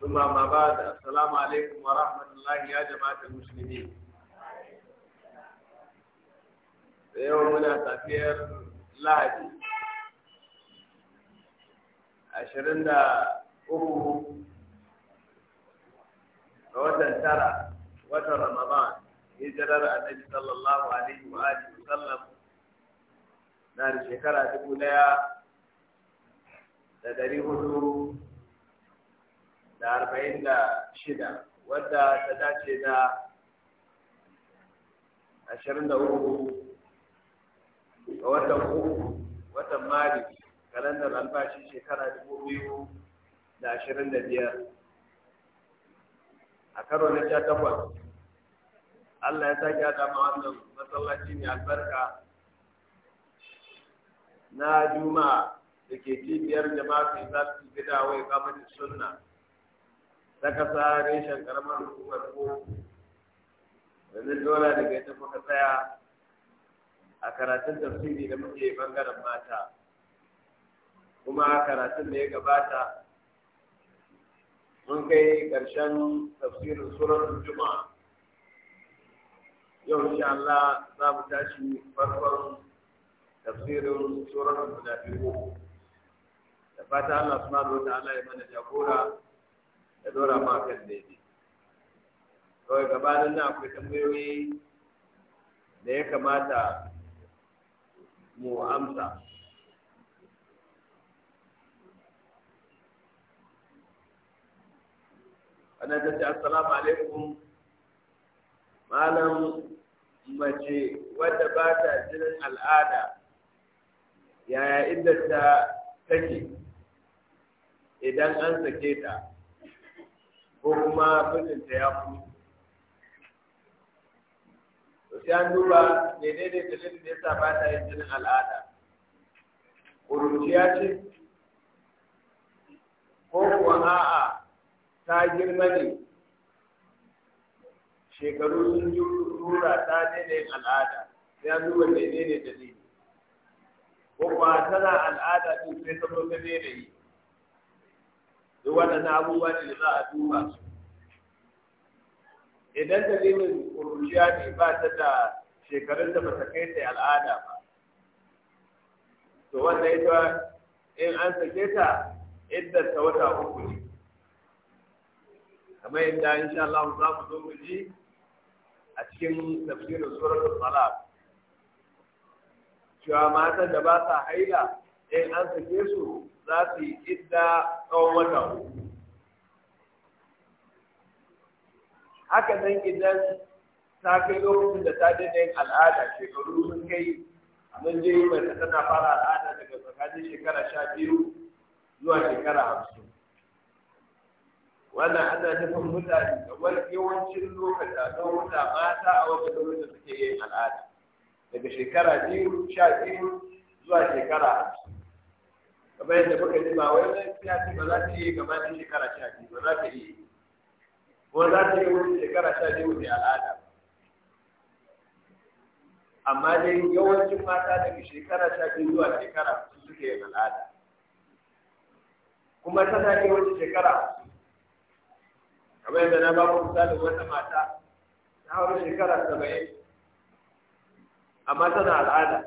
ثم ما بعد السلام عليكم ورحمة الله يا جماعة المسلمين يومنا تفير لهدي ashirin da uku ga watan tara watan ramadan hijirar annabi sallallahu alaihi wa sallam na da shekara dubu daya da dari hudu da arba'in da shida wadda ta dace da ashirin da uku ga watan uku watan maris kalandar albashi shekara dubu biyu da ashirin da biyar a karo na sha takwas Allah ya sake ya ma wannan masallaci mai albarka na juma'a da ke cibiyar jama'a fi zafi gida wai kamar sunna ta kasa reshen karamar hukumar ko yanzu dole daga ita muka tsaya a karatun tafsiri da muke bangaren mata kuma karatun da ya gabata mun kai ƙarshen tafsirin surar juma'a yau insha Allah za mu tashi farkon tafsirin surar biyu, da fata Allah subhanahu wa ta'ala ya mana jagora da dora ma kan daidai kawai gabanin akwai tambayoyi da ya kamata mu amsa ana ta ce assalamu alaikum malam mace wadda ba ta jinin al'ada yaya inda ta take idan an sake ta ko kuma mijinta ya fi to sai an duba daidai dalilin da ta ba ta yin jinin al'ada ƙuruciya ce ko kuwa a'a ta girma ne shekaru sun yi rura ta daidai yin al'ada sai an duba daidai dalili ko kuwa tana al'ada ɗin sai ta zo ta daina duk waɗannan abubuwa ne da za a duba su idan dalilin ƙuruciya ne ba ta da shekarun da ba ta kai ta al'ada ba to wannan ita in an sake ta iddar ta wata uku ne kamar yadda insha Allah za mu zo mu ji a cikin tafsirin suratul talaq cewa matan da ba sa haila in an sake su za su yi idda tsawon wata uku haka nan idan ta kai lokacin da ta daina yin al'ada shekaru sun kai mun je mai tana fara al'ada daga tsakanin shekara sha biyu zuwa shekara hamsin wannan ana nufin mutane kamar yawancin a don wuta mata a wata lokacin suke yin al'ada daga shekara biyu sha biyu zuwa shekara hamsin kamar yadda muka ji ba wai wani siyasi ba za ta iya gaba da shekara sha biyu ba za ta iya ko za ta iya wuce shekara sha biyu da al'ada amma dai yawancin mata daga shekara sha biyu zuwa shekara su suke yin al'ada kuma tana iya wuce shekara kamar yadda na ba ku misalin wata mata ta haura shekara saba'in amma tana al'ada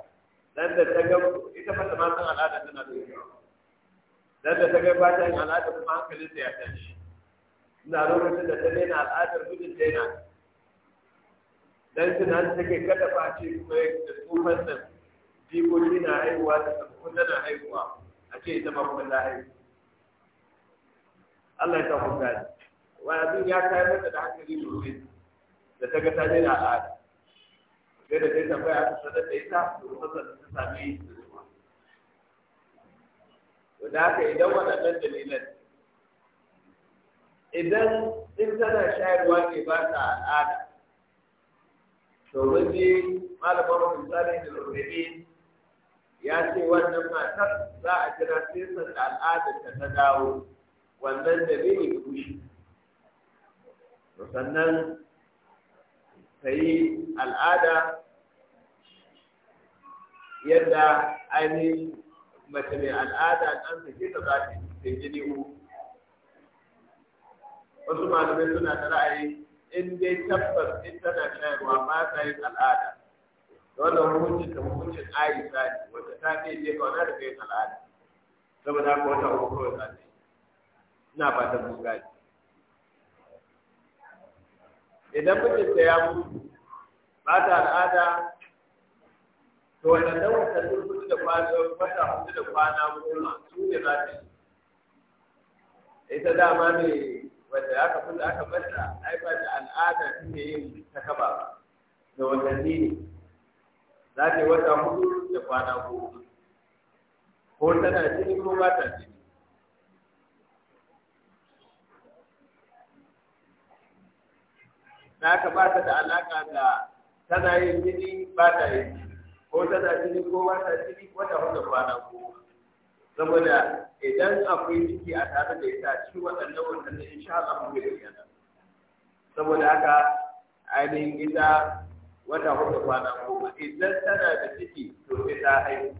dan da ta ga ita fa ma san al'ada tana da yawa dan da ta ga ba ta yin al'ada kuma hankalin ta ya tashi ina lokacin da ta daina al'adar mijin ta yana dan tunan ke kada face kuma da tsufan nan jikoki na haihuwa da sabbin tana haihuwa a ce ita ma kuma za haihu Allah ya sa kun gani wani abin ya kai mata da hankali sosai da ta ga ta daina al'ada sai ta kai tambaya aka sadar da ita to da ta sami nutsuwa to da haka idan waɗannan dalilan idan in tana shayarwa ne ba ta al'ada to wani malamar misali da rurrube ya ce wannan matar za a jira sai san al'adar ta ta dawo wannan dalili kushi sannan ta yi al'ada yadda ainihin mace mai al'ada ɗan sake ke za ta yi jini uku wasu malamai suna da ra'ayi in dai tabbas in tana shayarwa ba ta yin al'ada wannan hukuncin da hukuncin aisha ne wata ta ce je kauna da yin al'ada saboda haka wata uku kawai za ta ina fatan buga ne. idan mijinta ya mutu ba ta al'ada to waɗannan watannin hudu da kwana wata hudu da kwana goma su ne za ta yi ita dama ne wanda aka kula aka bata ai ba da al'ada ta ne yin ta kaba da watanni ne za ta yi wata hudu da kwana goma ko tana jini ko ba ta jini na ka ba ta da alaka da tana yin jini ba ta yin jini ko tana jini ko ba ta jini wata wata kwana goma saboda idan akwai ciki a tare da ita ci waɗannan waɗannan insha Allah mun gani yana saboda haka ainihin ita wata hudu kwana goma idan tana da ciki to sai ta haihu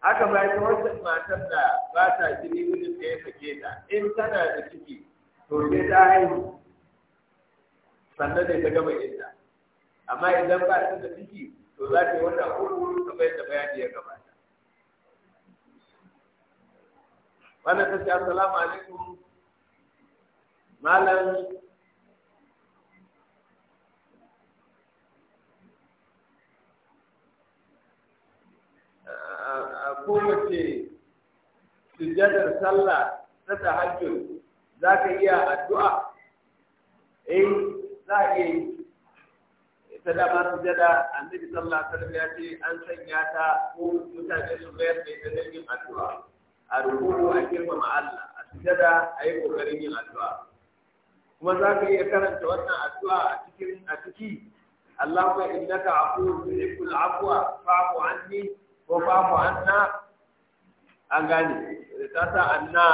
haka ba ita wata matar da ba ta jini mijin da ya fage ta in tana da ciki to sai ta haihu sannan da ta gama idda amma idan ba ta da ciki to za ta yi wata hudu kamar yadda bayani ya gabata wannan ta ce assalamu alaikum malam kowace sujjadar sallah ta tahajjud za ka iya addu'a eh za a iya yi ita dama a annabi sallallahu alaihi wasallam ya ce an sanya ta ko mutane su bayar da ita yin addu'a a rukuku a girmama Allah a sujada a yi kokarin yin addu'a kuma za ka iya karanta wannan addu'a a cikin a ciki Allahumma innaka afuwwun tuhibbul afwa fa'fu anni ko fa'fu anna an gane ta sa anna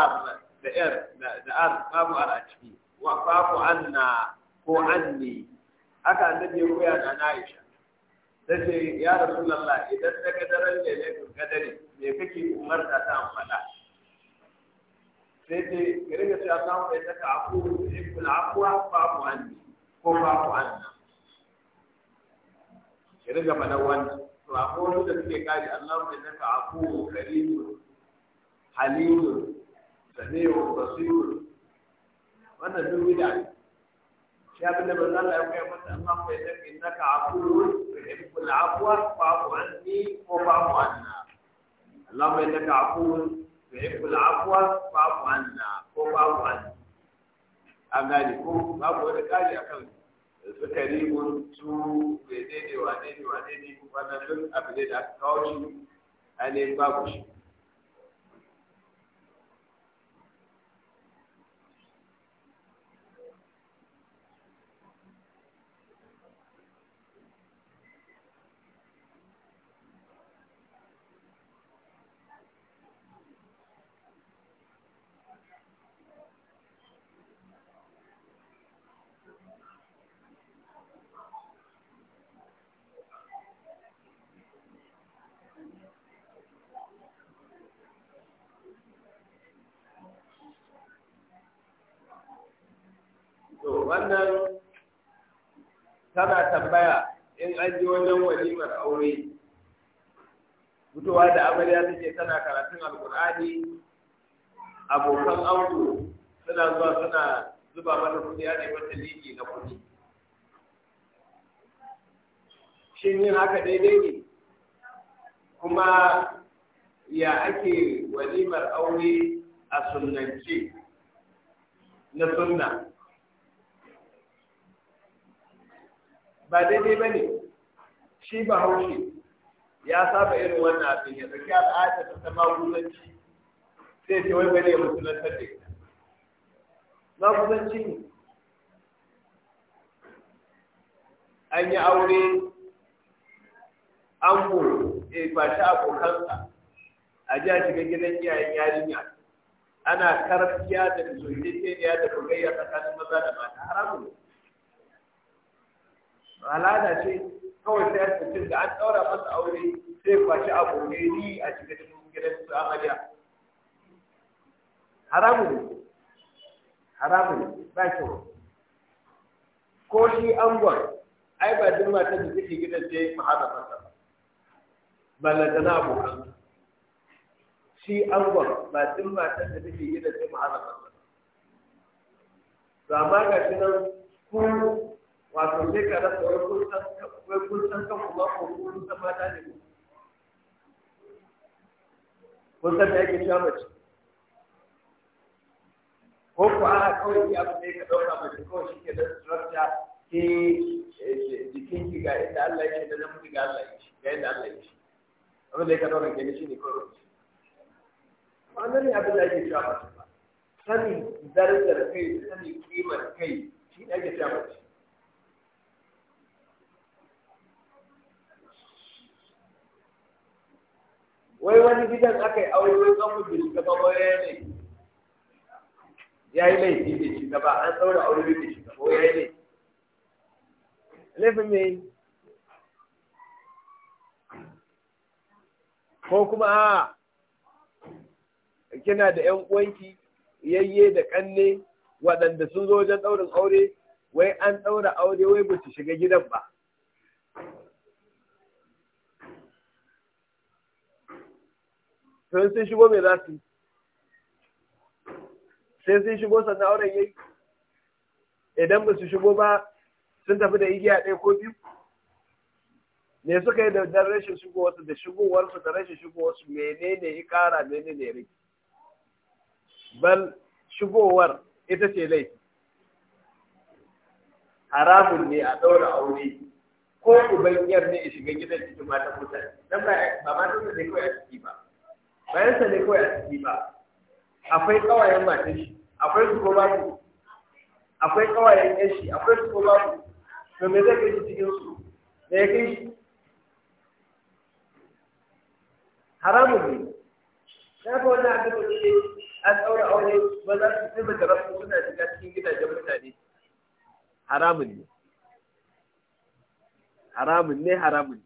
da er da ar babu ar a ciki wa fa'fu anna ko anni haka annabi ya koya na Aisha ta ce ya Rasulullah idan ta ga daren da ne kadari me kake umarta ta amfada sai ce ki riga cewa samu da ta afu ibn afwa fa ku anni ko fa ku anna ki riga mana wannan to akwai da suke kaji Allahu da ta aku karimu halimu samiu basir wannan duk bid'a يا ابن الله لا يقيم الله فإنك إنك عفو تحب العفو فاعف عني وفاعف عنا اللهم إنك عفو تحب العفو فاعف عنا وفاعف عني أغانيكم babu wani ƙari a kan su karimun su bai daidai wa daidai wa daidai wannan duk abu ne da aka kawo shi a ne babu shi da amarya take tana karatun alkur'ani abokan auto suna zuwa suna zuba mata kudi ya nemi ta liki na kudi shin yin haka daidai ne kuma ya ake walimar aure a sunnance na sunna ba daidai ba ne shi ba haushe ya saba irin wannan abin ya saki al'ada ta ta magudanci sai ce wai bane musulantar da ita magudanci ne an yi aure an ko ya eh, ba shi abokansa a ji a shiga gidan iyayen yarinya ana karfiya da ya da kogayya tsakanin maza da mata haramun al'ada ce kawai sai mutum da an ɗaura masa aure sai kwashi abu ne ni a cikin gidan su amarya haramu ne haramu ne ba kyau ko shi angon ai ba duk mata da take gidan sai maharamarsa ba lantana abokan shi angon ba duk mata da take gidan sai maharamarsa to ma ga shi nan ku wato sai ka rasa wai kun san kan kuma ko kun san mata ne ku kun san da yake cewa mace ko ku a kawai ya abu ne ka ɗauka mace kawai shi ke da structure ke eh, eh, eh, jikin ki ga inda Allah ya ce da namiji ga Allah ya ce ga inda Allah ya ce abin da ya ka ɗauka ke shi ne kawai mace wannan ne abin da ake cewa mace ba sani darajar kai sani kimar kai shi ne ake cewa mace wai wani gidan aka yi aure wai kan mutu shugaba wai ne ya yi laifi da shugaba an tsaura aure da shugaba wai ya ne. laifi laifin me ko kuma a kina da yan uwanki yayye da kanne waɗanda sun zo wajen ɗaurin aure wai an ɗaura aure wai ba su shiga gidan ba Sai sun shigo mai za su sai sun shigo sannan auren yayi idan ba su shigo ba sun tafi da igiya ɗaya ko biyu me suka yi da rashin shigowarsu da shigowarsu da rashin shigowarsu menene ya kara menene ya rage bal shigowar ita ce laifi haramun ne a ɗaura aure ko uban yar ne ya shiga gidan cikin matan mutane dan ba ba matan da ne kawai a ciki ba bayansa ne kawai a ciki ba akwai kawayen matan shi akwai su ko babu akwai kawayen yan shi akwai su ko babu to me zai kai shi cikin su me ya kai shi haramun ne ta ga wannan abin da ke an tsaura aure ba za su sai da rasu suna shiga cikin gidajen mutane haramun ne haramun ne haramun ne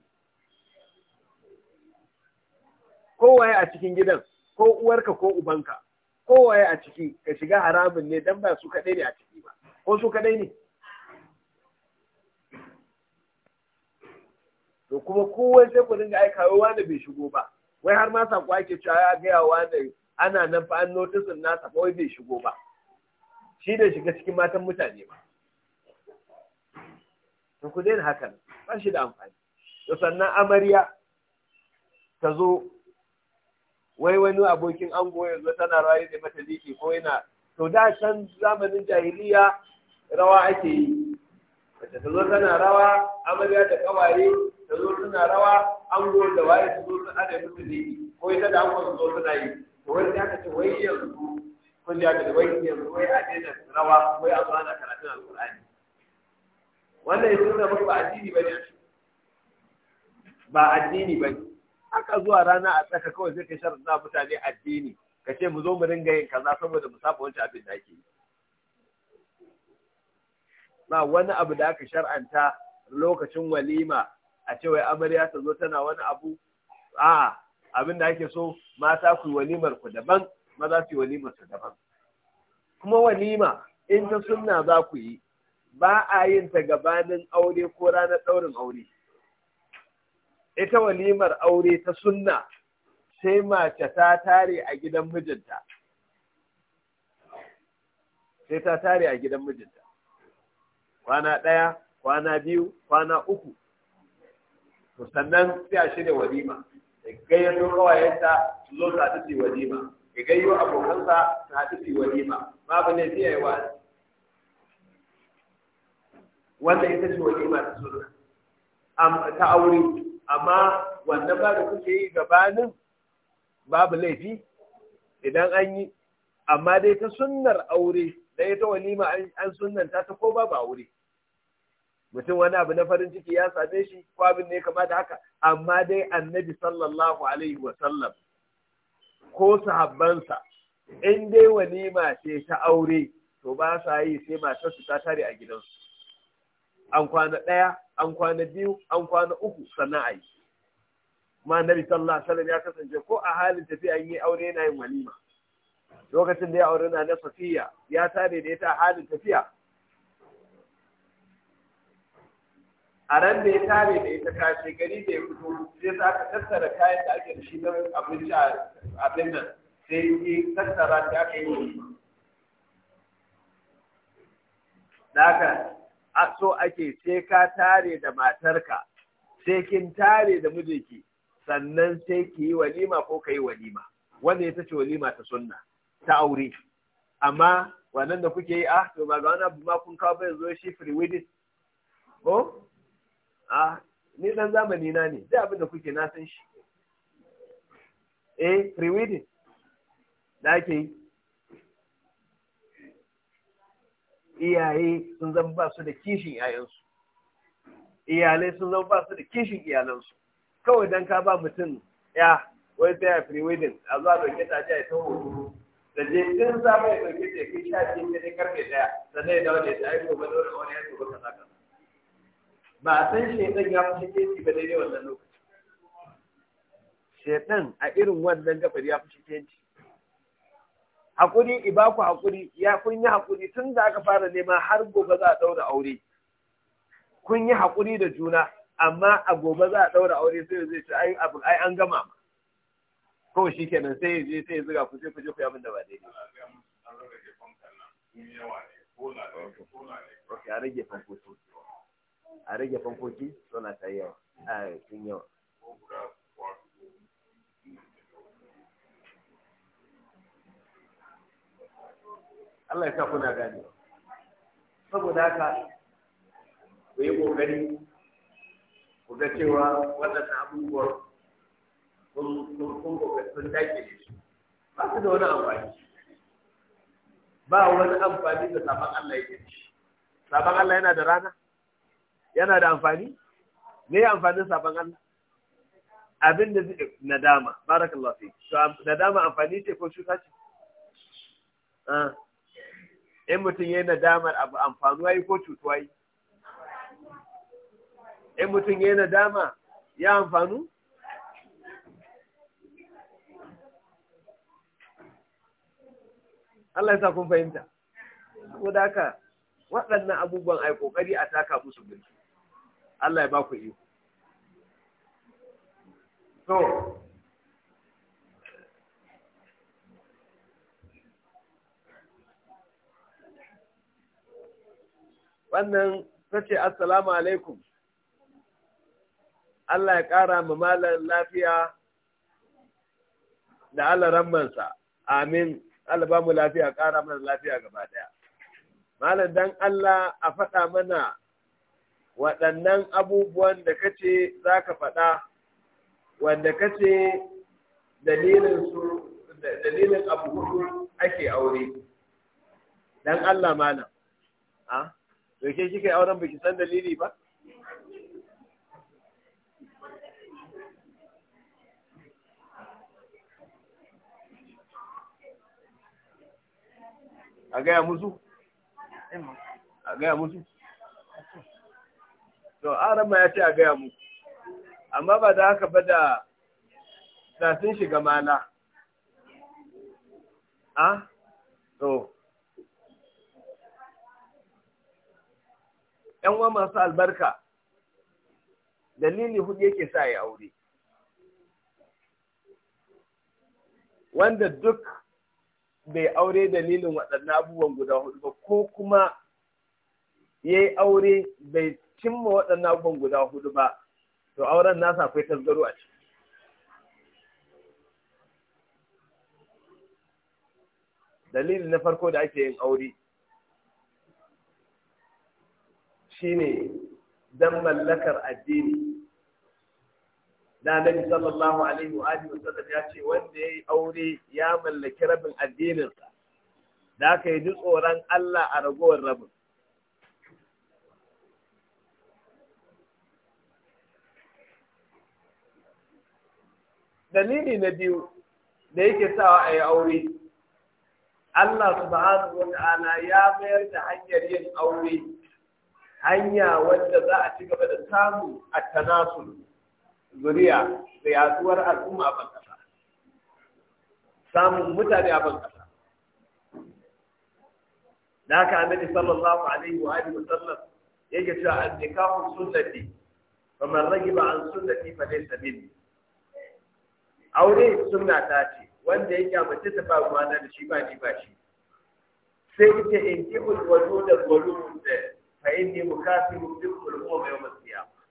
kowaye a cikin gidan ko uwarka ko ubanka kowaye a ciki ka shiga haramun ne dan ba su kadai ne a ciki ba ko su kadai ne to kuma kowa sai ku dinga aika wanda bai shigo ba wai har ma sako ake cewa ya ga yawa da ana nan fa an notisin nasa fa bai shigo ba shi da shiga cikin matan mutane ba to ku daina hakan ba shi da amfani to sannan amarya ta zo wai wani abokin ango yanzu tana rawa ya mata ko yana to da can zamanin jahiliya rawa ake yi mace ta zo tana rawa amarya da kawaye ta zo tana rawa ango da waye ta zo tana da musu liki ko ita da ango zo tana yi to wani ya aka ce wai yanzu kun ya aka wai yanzu wai a daina rawa wai a zo ana karatun alkur'ani wannan ya nuna maka ba addini ba ne ba addini ba ne haka zuwa rana a tsaka kawai sai ka sharadin mutane addini ka ce mu zo mu ringa yin kaza saboda mu saba wancan abin da ake yi ba wani abu da aka shar'anta lokacin walima a ce wai amarya ta zo tana wani abu a'a abin da ake so mata ku walimar ku daban maza su yi walimar su daban kuma walima in ta sunna za ku yi ba a yin ta gabanin aure ko ranar ɗaurin aure ita walimar aure ta sunna sai mace ta tare a gidan mijinta sai ta tare a gidan mijinta kwana ɗaya kwana biyu kwana uku to sannan sai a shirya walima ya gayyato kawayenta su zo su haɗu su walima ya gayyo abokansa su haɗu su walima babu ne sai ya yi wa'azi wannan ita ce walima ta sunna ta aure amma wannan ba da kuke yi gabanin babu laifi idan an yi amma dai ta sunnar aure da ita walima an sunnanta ta ko babu aure mutum wani abu na farin ciki ya same shi ko abin ne kama da haka amma dai annabi sallallahu alaihi wa sallam ko sahabbansa in dai walima ce ta aure to ba sa yi sai matarsu ta tare a gidansu an kwana ɗaya an kwana biyu an kwana uku sannan a yi ma na bisan alaihi ya kasance ko a halin tafiya yi aure na yin walima lokacin da ya aure na na safiya ya tare da ita a halin tafiya a ran da ya tare da ita kashe gari da ya fito sai sa aka tattara kayan da ake da shi na abinci a abin nan sai yi tattara da aka yi walima da haka a so ake sai ka tare da matarka sai kin tare da mijinki sannan sai ki yi walima ko ka yi walima wanda ya ce walima ta sunna ta aure amma wannan da kuke yi ah to ba ga wani abu ma kun kawo bai zo shi free wedding ko ah ni dan zamani na ne da abin da kuke na san shi eh free wedding da ake yi iyaye sun zama ba su da kishin iyayensu iyalai sun zama ba su da kishin iyalansu kawai dan ka ba mutum ya wai ta ya free wedding a zuwa da ta ji a ta hoto da je din za mai dauke ta kai sha biyu ne karfe daya sannan ya dawo da ta aiko ba dole wani ya tuba kaza kaza ba a san shaidan ya fi shige ba daidai wannan lokaci shaidan a irin wannan gabar ya fi shige hakuri ibaku hakuri ya kun yi hakuri tun da aka fara nema har gobe za a daura aure kun yi hakuri da juna amma a gobe za a daura aure sai zai ce ai abu ai an gama ma ko kenan sai je sai zuga ku sai ku je ku yi abin da ba daidai Ok, a rage fankoki. A rage fankoki suna ta yawa. A yawa. Allah ya sa kuna gane saboda haka ku yi ƙoƙari, ku ga cewa waɗannan abubuwan sun sun sun dake shi ba su da wani amfani ba wani amfani da sabon Allah yake shi sabon Allah yana da rana yana da amfani me ya amfanin sabon Allah abin da zai nadama barakallahu fi nadama amfani ce ko shuka ce ah. in mutum ya yi nadamar abu amfanuwa yi ko cutuwa yi in mutum ya yi nadama ya amfanu Allah ya sa kun fahimta saboda haka waɗannan abubuwan ai kokari a taka musu birki Allah ya ba ku iko so wannan ta ce assalamu alaikum Allah ya ƙara ma malam lafiya da Allah rammansa amin Allah ba mu lafiya ƙara mana lafiya gaba ɗaya malam dan Allah a faɗa mana waɗannan abubuwan da kace za ka faɗa wanda kace dalilin su dalilin abu ake aure dan Allah malam ah? da ke kika yi auren baki san dalili ba a gaya musu a gaya musu to ma ya ce a gaya musu amma ba da haka ba da da sun shiga mana, a ah? to ‘yan uwa masu albarka, dalili hudu yake sa ya aure. Wanda duk bai aure dalilin waɗannan abubuwan guda hudu ba, ko kuma ya yi aure bai cimma waɗannan abubuwan guda hudu ba, to auren nasa akwai tasgaro a ciki. Dalilin na farko da ake yin aure. shine dan mallakar addini da nabi sallallahu alaihi wa alihi wasallam ya ce wanda yayi aure ya mallaki rabin addininsa da aka yi tsoron Allah a ragowar rabin dalili na biyu da yake sawa a yi aure Allah subhanahu wa ta'ala ya mayar da hanyar yin aure hanya wadda za a ci gaba da samu a tanasul zuriya da yaduwar al'umma a kasa samun mutane a ban kasa da haka annabi sallallahu alaihi wa alihi wasallam yake cewa an-nikahu sunnati man ragiba an sunnati fa laysa minni aure sunna ta ce wanda yake mace ta ba gwana da shi ba ni ba shi sai ita in ki ulwadu da ulwadu da fa inni mukasibu bikum al-umma yawm al-qiyamah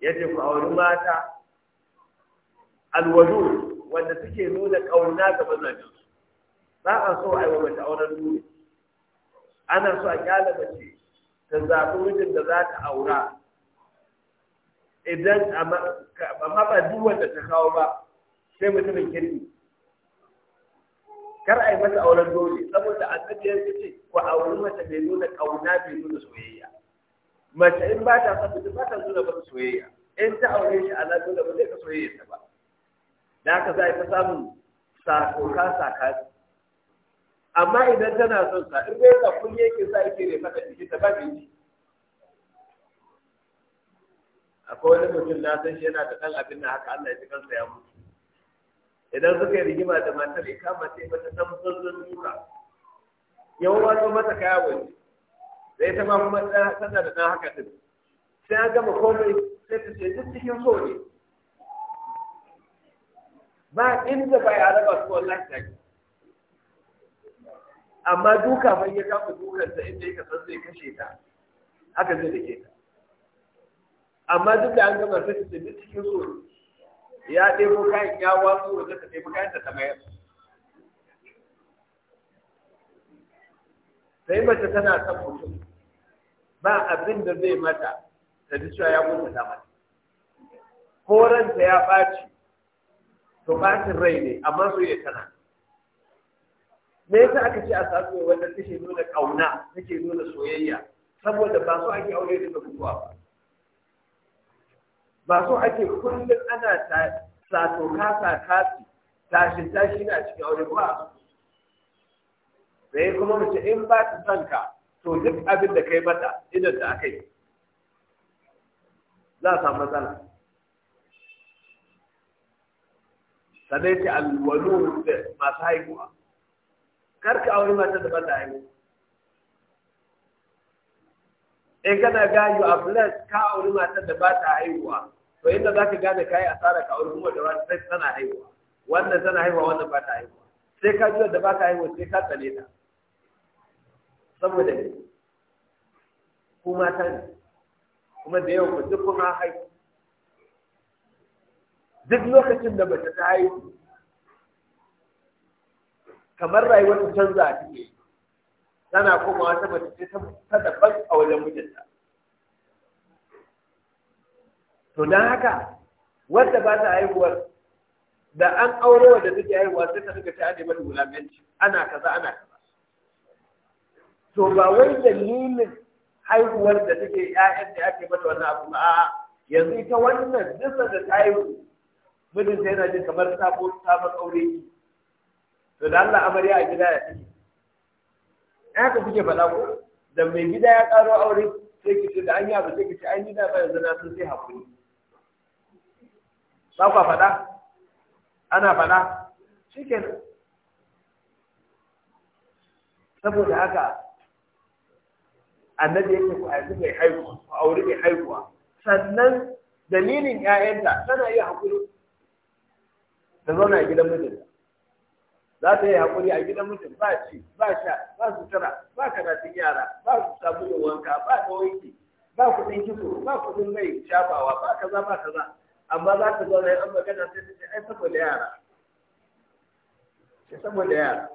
yace ku auri mata alwadu wanda suke nuna ƙauna ga mazajin su ba a so a yiwa wa mace auren dole ana so a kyala mace ta zaɓi mijin da za ta aura idan amma ba duk wanda ta kawo ba sai mutumin kirki kar a yi mata auren dole saboda a annabi ya ce ku auri mata bai nuna kauna bai nuna soyayya mace in ba ta son mutum ba ta nuna ba soyayya in ta aure shi a lafiya da ba zai ka soyayya ta ba da haka za a yi ta samun sakoka saka amma idan tana son sa in bai ka kun yake sa yake ne maka jiki ta ba bai akwai wani mutum na san shi yana da ɗan abin da haka Allah ya ji kansa ya mutu idan suka yi rigima da matar ya kama sai mata san zurfin duka yawan wato mata kaya wani zai ta ma kuma tana da ɗan haka din sai an gama komai sai ta ce duk cikin so ne ba inda bai araba su wallahi ta amma duka mai ya kama dukan ta inda ya san zai kashe ta haka zai dake ta amma duk da an gama sai ta ce duk cikin so ne ya ɗebo kayan ya wasu da ta ɗebo kayan da ta mayar sai mace tana son mutum ba abin da zai mata ta ji cewa ya mutu ta mata ko ya ɓaci to ɓacin rai ne amma su ya tana me yasa aka ce a samu wanda take nuna ƙauna take nuna soyayya saboda ba su ake aure da mutuwa ba ba so ake kullum ana sato kasa kasi tashin tashi na cikin aure ba sai kuma mace in ba ta son ka to duk abin da kai mata idan da aka yi za a samu matsala sanai ce alwalu da masu haihuwa karka aure mata da bata haihu in kana gayu a bless ka aure mata da bata haihuwa to inda za ka gane kayi asara ka auri kuma da wani sai tana haihuwa wannan tana haihuwa wannan ba ta haihuwa sai ka ji da ba ka haihuwa sai ka tsane ta saboda ne ku ne kuma da yau ku duk kuma haihu duk lokacin da mace ta haihu kamar rayuwar canza a cikin tana komawa ta mace ta daban a wajen mijinta to don haka wadda ba ta haihuwar da an aure wadda take haihuwa sai ta riga ta ade mata wulaganci ana kaza ana kaza to ba wai dalilin haihuwar da take 'ya'yan da ake mata wannan abu ba a'a yanzu ita wannan dukkan da ta haihu mijinta yana jin kamar sabon sabon aure to da Allah amarya a gida ya take haka kuke faɗa ko da mai gida ya ƙaro aure sai ki ce da an yi abu sai ki ce an yi da ba yanzu na sun sai hakuri ba kwa faɗa ana faɗa shikenan saboda haka annabi yake ku aiki mai haihuwa ku auri mai haihuwa sannan dalilin ƴaƴanta tana iya haƙuri ta zauna a gidan mutum, za ta yi haƙuri a gidan mutum ba ci ba sha ba sutura ba karatun yara ba su sabulun wanka ba ta wanki ba kuɗin kitso ba kuɗin mai shafawa ba kaza ba kaza amma za ka zauna an magana sai su ce ai saboda yara sai saboda yara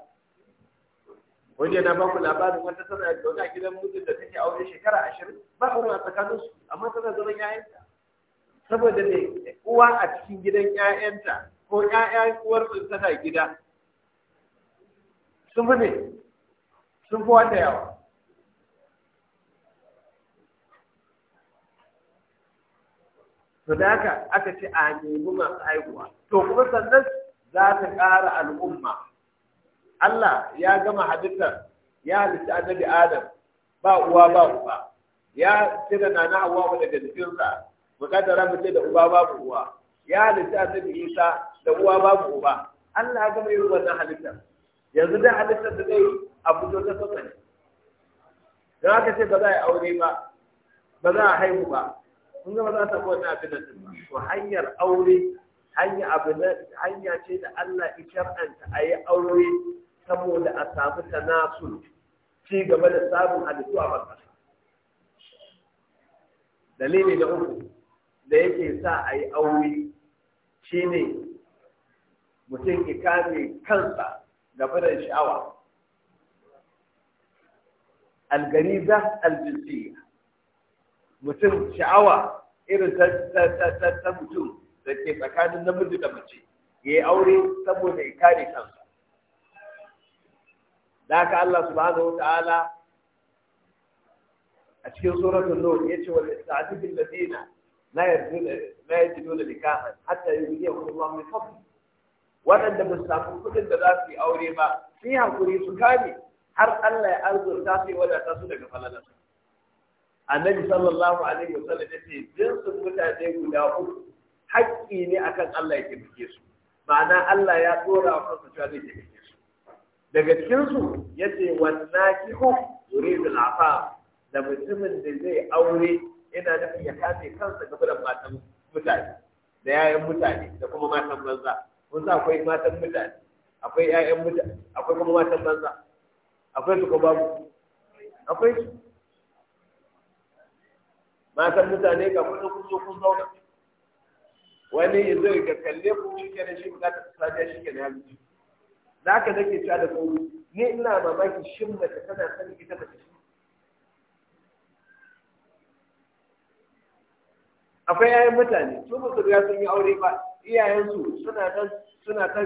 wani yana ba ku labarin wata tana zaune a gidan mutum da take aure shekara ashirin ba ku a tsakanin su amma tana zaune 'ya'yanta. saboda ne uwa a cikin gidan 'ya'yanta ko 'ya'yan uwar tana gida sun fi ne sun fi wata yawa to da haka aka ce a nemi masu haihuwa to kuma sannan za ta ƙara al'umma Allah ya gama halittar ya halitta annabi Adam ba uwa ba uba ya cire nana Hawwa daga jikinsa mukaddara mu ce da uba babu uwa ya halitta annabi Isa da uwa babu uba Allah ya gama yin wannan halittar yanzu dai halittar da zai a fito ta sama Da don haka ce ba za a yi aure ba ba za a haihu ba kun ga ba za ta kowace abin da ba to hanyar aure hanya abu na hanya ce da Allah ya shar'anta a yi aure saboda a samu tanasul ci gaba da samun halittu a dalili da uku da yake sa a yi aure shine mutum ya kame kansa gaba da sha'awa algariza aljinsiya mutum sha'awa irin ta mutum da ke tsakanin namiji da mace ya yi aure saboda ya kare kansa da haka Allah subhanahu ta'ala a cikin suratul nur yace wal ista'dibul ladina la yarjuna la yajiduna nikahan hatta yughniyahum Allah min fadli waɗanda ba su samu kuɗin da za su yi aure ba sun yi hakuri su kame har Allah ya arzo su yi wadata su daga falalarsa annabi sallallahu alaihi wa ya ce jinsin mutane guda uku haƙƙi ne akan Allah ya taimake su ma'ana Allah ya tsora a kansa cewa zai taimake su daga cikin su yace wannakihu yuridul afa da mutumin da zai aure yana da ya kace kansa ga da matan mutane da yayan mutane da kuma matan banza kun sa akwai matan mutane akwai yayan mutane akwai kuma matan banza akwai su ko babu akwai su matan mutane ka da kun kun zauna wani ya zai ga kalle ku shi kenan shi bukatar safiya shi kenan ya za ka nake cewa da sauri ni ina mamaki shin mace tana sani ita ta shi akwai yayan mutane su ba su riga sun yi aure ba iyayensu suna nan suna ta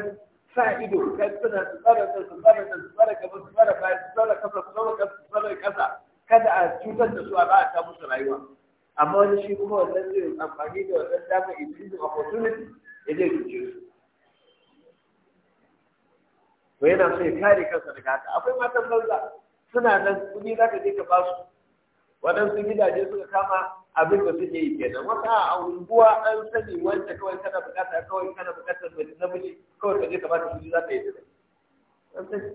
sa ido kai suna su tsara ta su tsara ta su tsara gaba su tsara baya su tsara kasa su tsara kasa su tsara kasa kada a cutar da su a ba a ta musu rayuwa amma wani shi kuma wannan zai amfani da wannan damar increasing opportunity ya zai cuce su to yana so ya kare kansa daga haka akwai matan banza suna nan kuɗi za ka je ka ba su waɗansu gidaje suka kama abin da suke yi kenan wata a unguwa an sani wanda kawai kana bukata kawai kana bukatar mai namiji kawai ka je ka ba ta kuɗi za ta yi ta an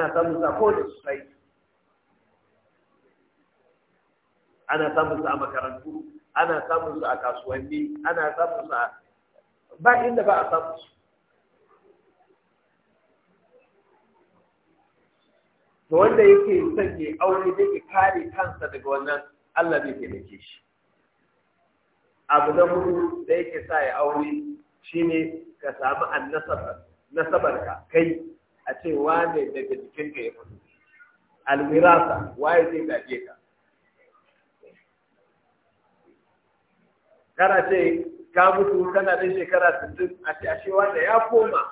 ana samun sako da su sai ana samun su a makarantu ana samun su a kasuwanni ana samun su a ba inda ba a samun su to wanda yake son ya aure da ke kare kansa daga wannan Allah zai taimake shi abu na hudu da yake sa ya aure shine ka samu annasabar nasabarka kai a ce wane daga jikinka ya fito almirasa waye zai gaje ka kana ce ka mutu kana da shekara sittin a ce wanda ya koma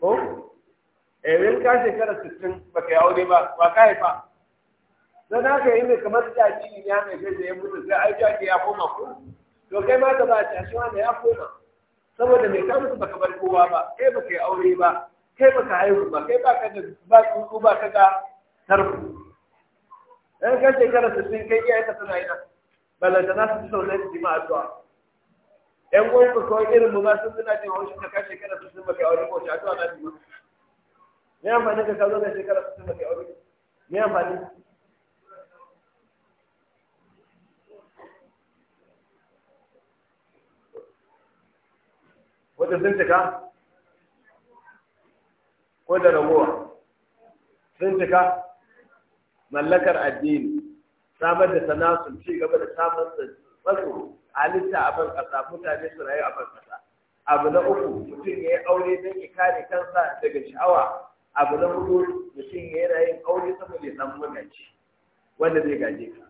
ko eh ka shekara sittin ba ka yi aure ba ba ka haifa don haka yi mai kamar jariri ya mai da ya mutu sai ai jaki ya koma ko to kai ma ka ba ta shi wanda ya koma saboda mai kamusu baka bar kowa ba kai baka yi aure ba kai baka haihu ba kai baka da ba tsuntsu ba ka ga tarbu dan kan shekara sittin kai iyayenka suna yi nan balanta za su fi sau zai ji ma'a zuwa yan gwamnati kawai irin mu ba sun suna jin haushi ka kashe kada su sun maka aure ko ta zuwa na ji ma me amfani ka kazo da shekara su sun maka aure me amfani wata sun cika ko da ragowa sun cika mallakar addini samar da sana'a sun ci gaba da samar da tsaro halitta a ban kasa mutane su rayu a ban kasa abu na uku mutum ya yi aure don ya kare kansa daga sha'awa abu na hudu mutum ya yana yin aure saboda ya samu magaji wanda zai gaje ka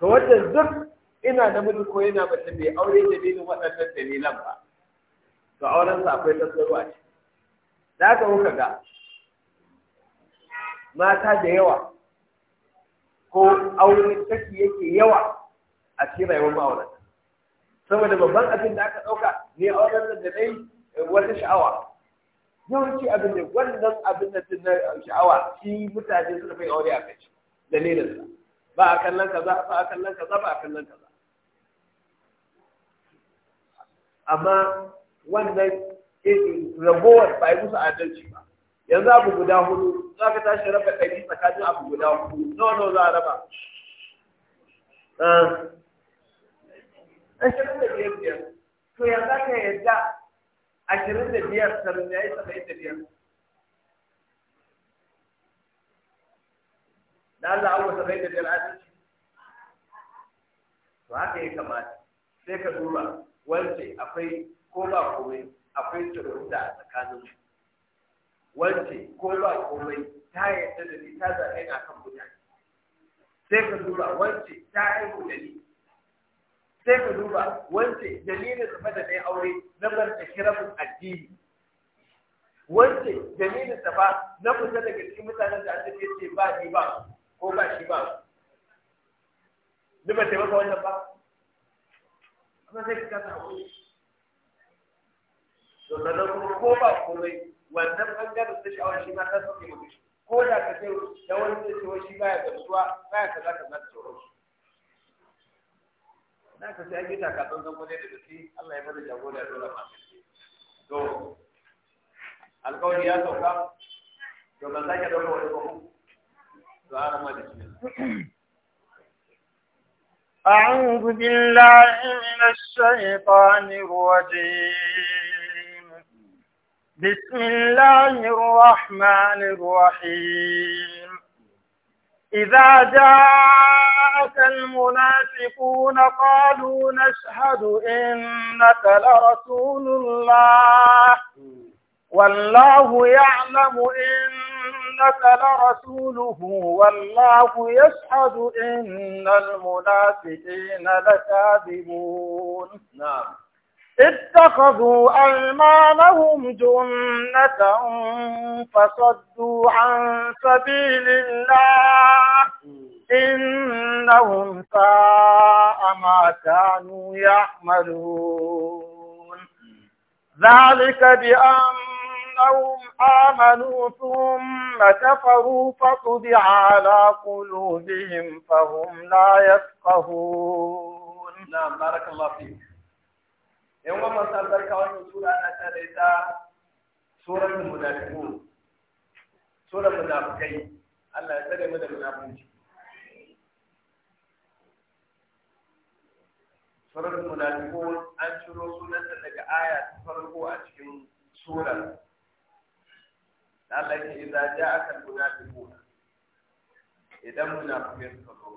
to wanda duk ina da namiji ko yana mace mai aure dalilin waɗannan dalilan ba to auren sa akwai tasgaro a ciki da haka muka ga mata da yawa ko aure saki yake yawa a cikin rayuwar ma'aurata saboda babban abin da aka ɗauka ne a wannan da dai eh, wata sha'awa yawanci abin da wannan abin da na sha'awa shi mutane suka fi aure a kai dalilinsa ba a kallon kaza ba a kallon kaza ba a kallon kaza amma wannan ragowar ba yi musu adalci ba yanzu abu guda hudu za ka tashi raba ɗari tsakanin abu guda hudu nawa nawa za a raba ah. ashirin da biyar biyar to yanzu za ka yadda ashirin da biyar sarin da ya yi saba'in da biyar da Allah abu saba'in da biyar adalci to haka ya kamata sai ka duba wance akwai ko ba komai akwai turunta a tsakaninsu wance ko ba komai ta yadda da ni ta zaɓe na kan mutane sai ka duba wance ta yi da ni sai ka duba wance dalilin sama da na aure na bar da kirafin addini wance dalilin ba na fita daga cikin mutanen da ake ce ba ni ba ko ba shi ba ni ba taimaka wannan ba amma sai ka kasa wani to sannan kuma ko ba komai wannan bangaren ta sha'awar shi ma ta sauke mu shi ko da ka ce da wani zai ce wai shi baya gamsuwa baya kaza kaza da sauransu na ka sai an yi takatsan zan kwaje da gaske Allah ya bada jagora ya dora masu to alƙawari ya sauka to ban sake ɗauka wani kwakwan to ana ma da shi أعوذ بالله من الشيطان الرجيم بسم الله الرحمن الرحيم إذا جاءك المنافقون قالوا نشهد إنك لرسول الله والله يعلم إنك لرسوله والله يشهد إن المنافقين لكاذبون نعم اتخذوا ألمانهم جنة فصدوا عن سبيل الله إنهم ساء ما كانوا يعملون ذلك بأنهم آمنوا ثم كفروا فطبع على قلوبهم فهم لا يفقهون نعم بارك الله فيك yan wa masu albarka wannan sura ana ta da ita surar munafiqun surar munafikai Allah ya tsare mu da munafunci surar munafiqun an ciro sunanta daga aya ta farko a cikin surar Allah ya ce idza ja'aka munafiqun idan munafikai suka zo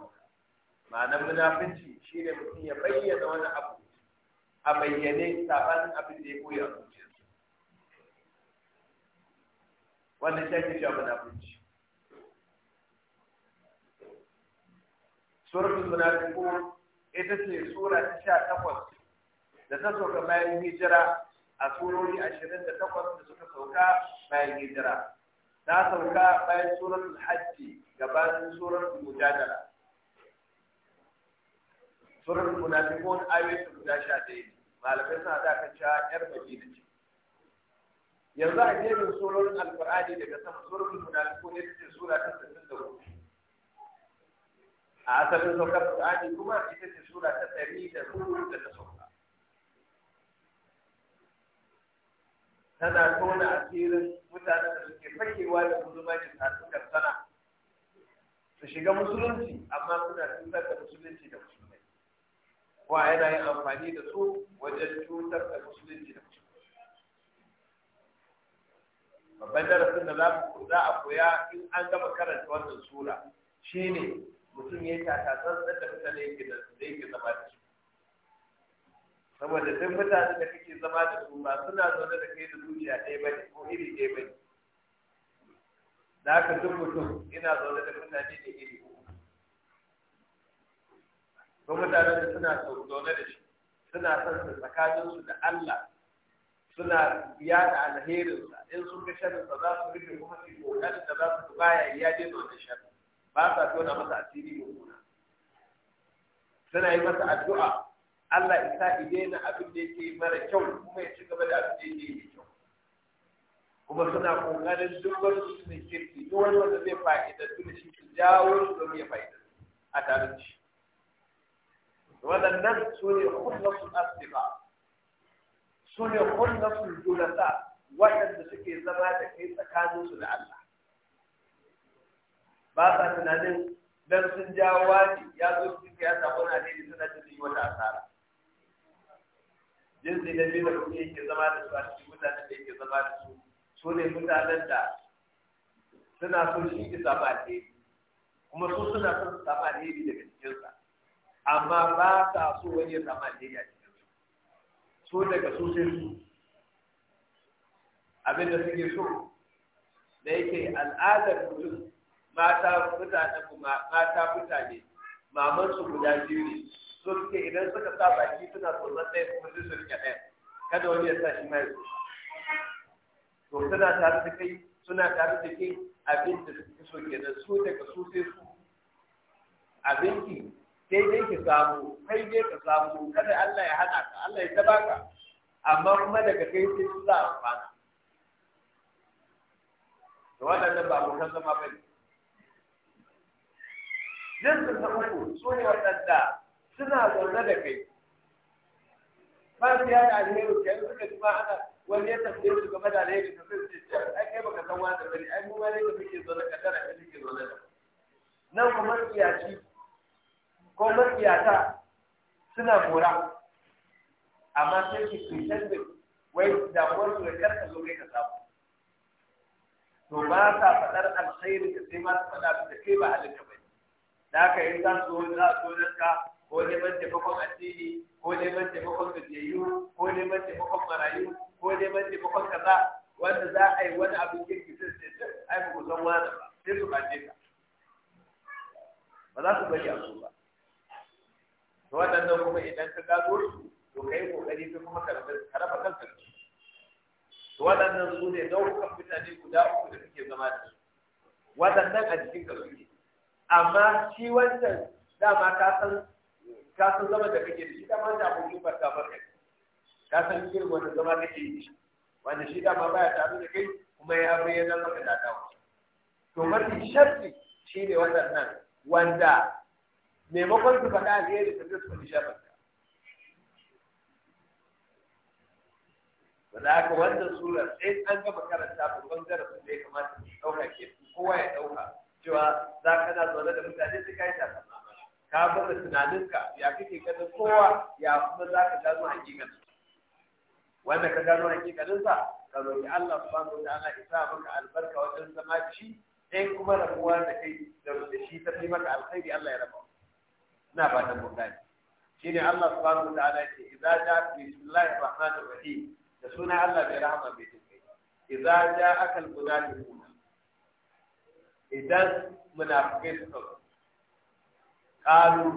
maka ma'anar shi ne mutum ya bayyana wani abu a bayyane sabanin abin da ya koya a ta wannan shi ake cewa munafunci suratul munafiqun ita ce sura ta sha takwas da ta sauka bayan hijira a surori ashirin da takwas da suka sauka bayan hijira ta sauka bayan suratul hajji gabanin suratul mujadala suratul munafiqun ayoyin guda sha ɗaya malamai suna da kan cewa yar madina ce yanzu a yin surorin alkur'ani daga sama surorin munafiku ne take sura ta 64 a asalin saukar alkur'ani kuma ita ce sura ta ɗari da ta sauka tana tona asirin mutanen da suke fakewa da musulmanci a cikin sana su shiga musulunci amma suna tuntar da musulunci da musulunci kuma yana yin amfani da su wajen cutar da musulunci da musulunci babban darasin da za ku za a koya in an gama karanta wannan sura shine mutum ya tata san da mutane yake da da yake zama da su saboda duk mutane da kake zama da su ba suna zaune da kai da zuciya ɗaya bane ko iri ɗaya bane da haka duk mutum ina zaune da mutane da iri ko mutane da suna zaune da shi suna son su tsakaninsu da Allah suna biya da sa in sun ga sa za su rufe kuma su kokarin da za su baya ya je da shan ba sa tona masa asiri mai kuna suna yi masa addu'a Allah ya sa na abin da yake mara kyau kuma ya ci gaba da abin da yake kyau kuma suna kokarin duk wani ne kirki duk wani wanda zai fa'idantu da shi su jawo su don ya fa'idantu a tare da shi waɗannan su ne kullasun asdiqa su ne kullasun julasa waɗanda suke zama da kai tsakaninsu da Allah ba sa tunanin dan sun ja wani ya zo su ya samu na ne suna da yi wata asara jinsi na biyu da kuma yake zama da su a cikin mutanen da yake zama da su su ne suna so shi ki kuma su suna son su daga cikinsa amma ba sa so wani ya zama alheri a cikin su so daga sosai su abin da suke so da yake al'adar mutum mata mutane mata mutane maman su guda biyu ne so suke idan suka sa baki suna tsoron ɗaya kuma sai su rike ɗaya kada wani ya sa shi mai so to suna tare da kai suna tare da kai abin da suke so kenan su daga sosai su abinki sai dai ki samu kai dai ka samu kada Allah ya hana ka Allah ya tabaka amma kuma daga kai sai su za a fana to waɗannan ba abokan zama ba ne jinsin na uku su ne waɗanda suna zaune da kai ba su yada alheri ke yanzu suka ji ma ana wani ya tafiye su game da alheri ka sai su ce ai kai baka san wani bane ai mu ma ne da muke zaune ka tara ka muke zaune da nan kuma tsiyaci ko makiyata suna mora amma sai ki cutar da wai da wani da karka zo kai ka samu to ba ta faɗar alkhairi da sai ma ta faɗa da kai ba halinka ba da ka yi san so wani za su wani ka ko da taimakon addini ko neman taimakon gajiyayyu ko da bakon marayu ko da bakon kaza wanda za a yi wani abu ke ki sai sai ai ku san wani ba sai su bace ka ba za su bari a ba to waɗannan kuma idan ka gano su to kai kokari ka kuma karaba kanka da su to waɗannan su ne nau'ukan mutane guda uku da suke zama da su waɗannan a jikin ka suke amma shi wancan dama ka san ka san zama da kake da shi dama da abokin barka barka ka san irin wanda zama kake yi wanda shi dama baya tare da kai kuma ya bayyana maka da dawo to mafi sharfi shi ne waɗannan wanda maimakon su faɗa ne da tafiya su faɗi shafarta ba za ka wannan sura sai an gama karanta babban darasin da ya kamata su ɗauka ke kowa ya ɗauka cewa za ka na zaune da mutane su kai ta sama ka bar tunaninka ya kake ganin kowa ya kuma za ka gano hakikan wanda ka gano hakikanin sa ka roki Allah subhanahu wataala ya sa maka albarka wajen zama shi sai kuma rabuwa da kai da shi ta fi maka alkhairi Allah ya rabu. ina ba ta mun Shi ne Allah subhanahu wa ta'ala ce idza ja'a bismillahir rahmanir rahim da sunan Allah bai rahama bai tukai idza ja'aka al-munafiqun idan munafikai suka zo qalu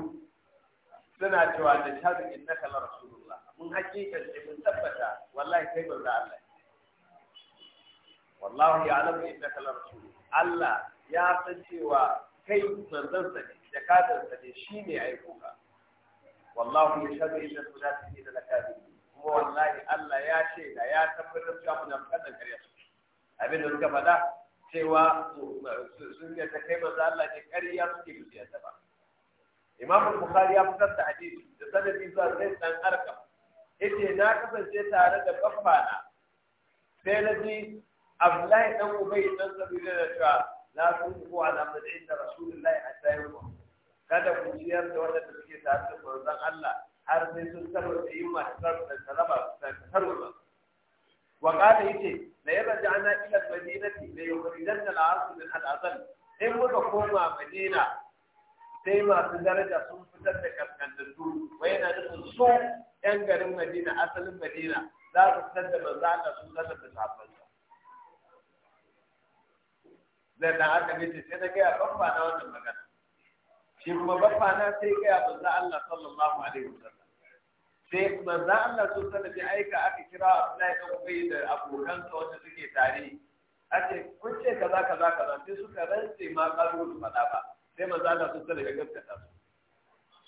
suna cewa da shahadu innaka la rasulullah mun hakika ce mun tabbata wallahi kai manzo Allah wallahu ya'lamu innaka la rasulullah Allah ya san cewa kai manzon sa ne jakadansa ne shi ne aiko ka wallahu ya shaɗu inda suna su ne da zakari kuma wallahi Allah ya ce da ya tabbatar cewa muna kadan kare su abin da suka faɗa cewa sun yi ta kai maza Allah ne ƙarya suke bisa yadda ba Imam Bukhari ya fitar da hadisi da sanadi zuwa sai dan arka yace na kasance tare da babbana sai na ji Abdullahi dan Ubay dan Sabila da cewa la tunqu ala mad'in Rasulullahi hatta yawm kada ku ciyar da wanda suke tare da manzon Allah har sai sun da yin masu sarrafa da ba. wa kada yace la yarja'na ila al-madinati la yukhrijanna al-'asr min al-azal in muka koma madina sai masu daraja sun fitar da kaskantattu wai yana nufin su yan garin madina asalin madina za su fitar da manzo Allah sun zata da sabon zai da aka sai na gaya ban ba na wannan magana shi kuma na sai gaya manzo Allah sallallahu alaihi wasallam sai manzo Allah su sanar da aika aka kira Abdullahi dan Ubay da abokan sa wanda suke tare ake kun ce kaza kaza kaza sai suka rantse ma karo su faɗa ba sai manzo Allah su sanar da gaskata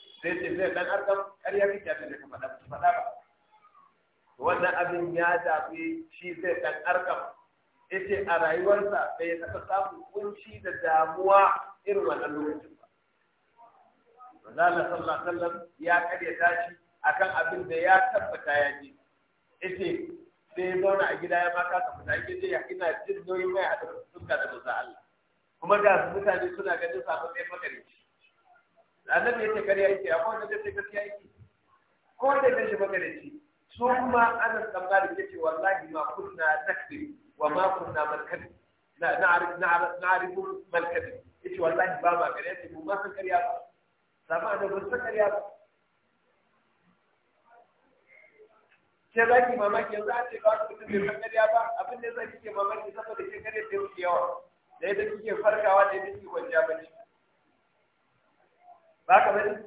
su sai sai zai dan arkam ƙarya kike ta da faɗa ba ba wannan abin ya dafi shi zai dan ya ce a rayuwarsa bai taɓa samun kunci da damuwa irin wannan lokacin manzala sallallahu alaihi wasallam ya karya shi akan abin da ya tabbata ya ji yace sai ya zauna a gida ya ma kasa fita yake ya ina jin nauyin mai a dukkan da manzo Allah kuma da mutane suna ganin sabon sai magarici annabi yace kariya yake akwai wanda zai gaskiya yake ko da gashi su kuma ana tsamba da yake wallahi ma kunna takdir wa ma kunna na na na na na na na na na na na na na na na na Zama da gusta karya ba ke za ki mamaki yanzu an ce ba ku mutum bai san ba abin da zai kike mamaki saboda ke kare da yawa. yawa da yadda kike farkawa da yadda kike kwanciya ba ne ba ka bari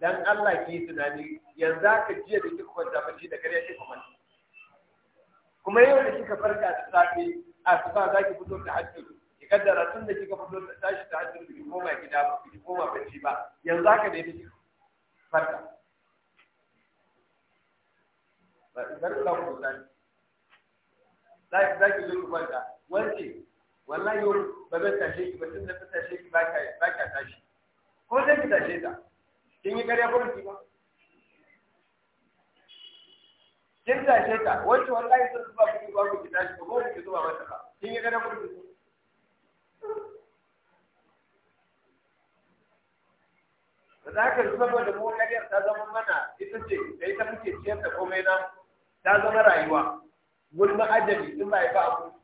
dan Allah ki yi tunani yanzu haka jiya da kika kwanta bacci da karya kika kwanta kuma yau da kika farka da safe asuba za ki fito da hajji kaddara tun da kika fito da tashi ta hajjar ki koma gida ba ki koma bacci ba yanzu haka ne miki farka ba idan la ku dan za za ki zo ki kwanta wance wallahi yau ba zai tashi ki ba tunda ta tashe ki ba ka ba ka tashi ko sai ki tashi ta kin yi kariya ko ki ba kin tashi ta wance wallahi sun zuba ku ba ku tashi ko ki zuba mata ba kin yi kariya ko ki Zakar saboda mu ƙaryar ta zama mana ita ce da ita muke ciyar da komai na ta zama rayuwa gulma ajali in ba ba abu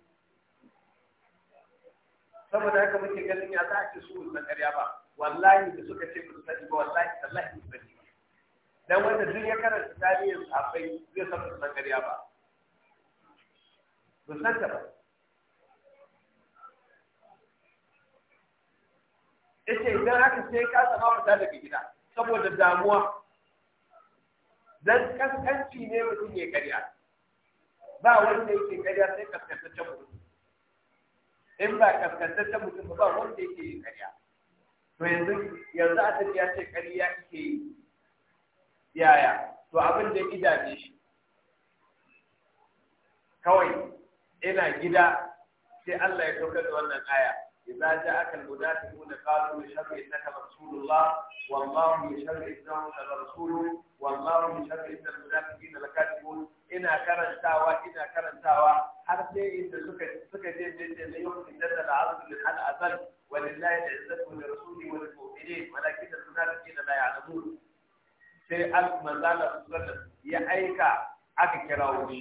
saboda haka muke ganin ya za a ce su na ƙarya ba wallahi da suka ce ku sani ba wallahi tallahi ku sani ba dan wanda duk ya karanta tarihin sahabbai zai san su na ƙarya ba ba san ta ba yace idan haka sai ka tsama fita daga gida saboda damuwa dan kaskanci ne mutum ya karya ba wanda yake karya sai kaskantaccen mutum in ba kaskantaccen mutum ba wanda yake yin karya to yanzu yanzu a ya ce karya ke yi yaya to abin da idame shi kawai ina gida sai Allah ya saukar da wannan aya إذا جاءك المدافعون قالوا بشر إنك رسول الله والله بشر إنه لرسول والله بشر إن المنافقين لكاذبون إنا كرنتاوا إنا كرنتاوا حتى إذا سكت سكت جدا ليخفي جد العرض من حال أزل ولله العزة ولرسوله وللمؤمنين ولكن المنافقين لا يعلمون sai manzala sallallahu ya aika aka kirawo shi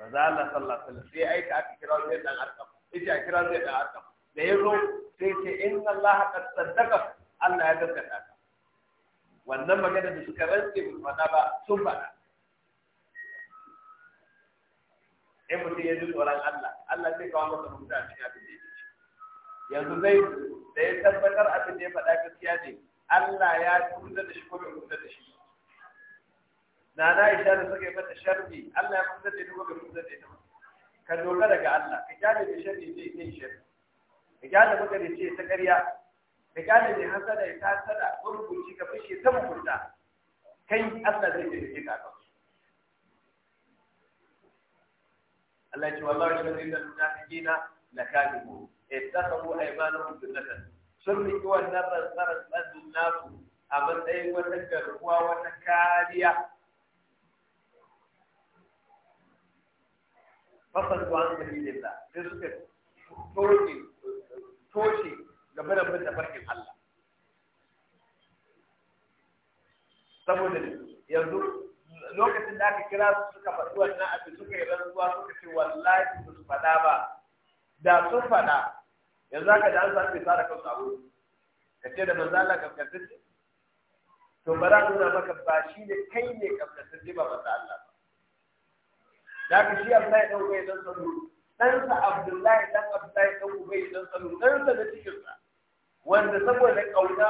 ba za a sallallahu alaihi wasallam sai aika aka kira zai dan harka Sai a kira zai dan harka da ya zo sai ce inna Allah qad saddaqa Allah ya gaskata ka wannan magana da suka rantse ba faɗa ba sun faɗa in mutum ya ji tsoron Allah Allah sai kawo masa mutum a cikin abin da ya ce yanzu zai da ya tabbatar abin da ya faɗa gaskiya ne Allah ya kusa da shi ko bai kusa da shi na na isha da suka yi mata sharri Allah ya mutunta da duka mutunta da ita ka dogara ga Allah ka kyale da sharri zai kai sharri ka kyale maka da ce ta ƙarya ka kyale da hasada ya tasada gurgurci ka fishe ta mugunta kai Allah zai taimake ka kan Allah ya ce wallahi shirri da munafiqina lakadibu ittakhadhu aymanuhum sunnatan sun riƙi wannan rantsarar tsadin nasu a matsayin wata garkuwa wata kariya fasan zuwa an sabilin da sai suka toshe toshe game da bin tafarkin Allah saboda yanzu lokacin da aka kira su suka faɗi wannan abin suka yi rantsuwa suka ce wallahi ba su faɗa ba da sun faɗa yanzu aka da an zaɓe tsara kansu a wuri ka ce da manzala Allah kaskantacce to bara nuna maka ba shi ne kai ne kaskantacce ba masu Allah ba da shi Abdullahi dan Ubay dan Salul Abdullahi cikin wanda saboda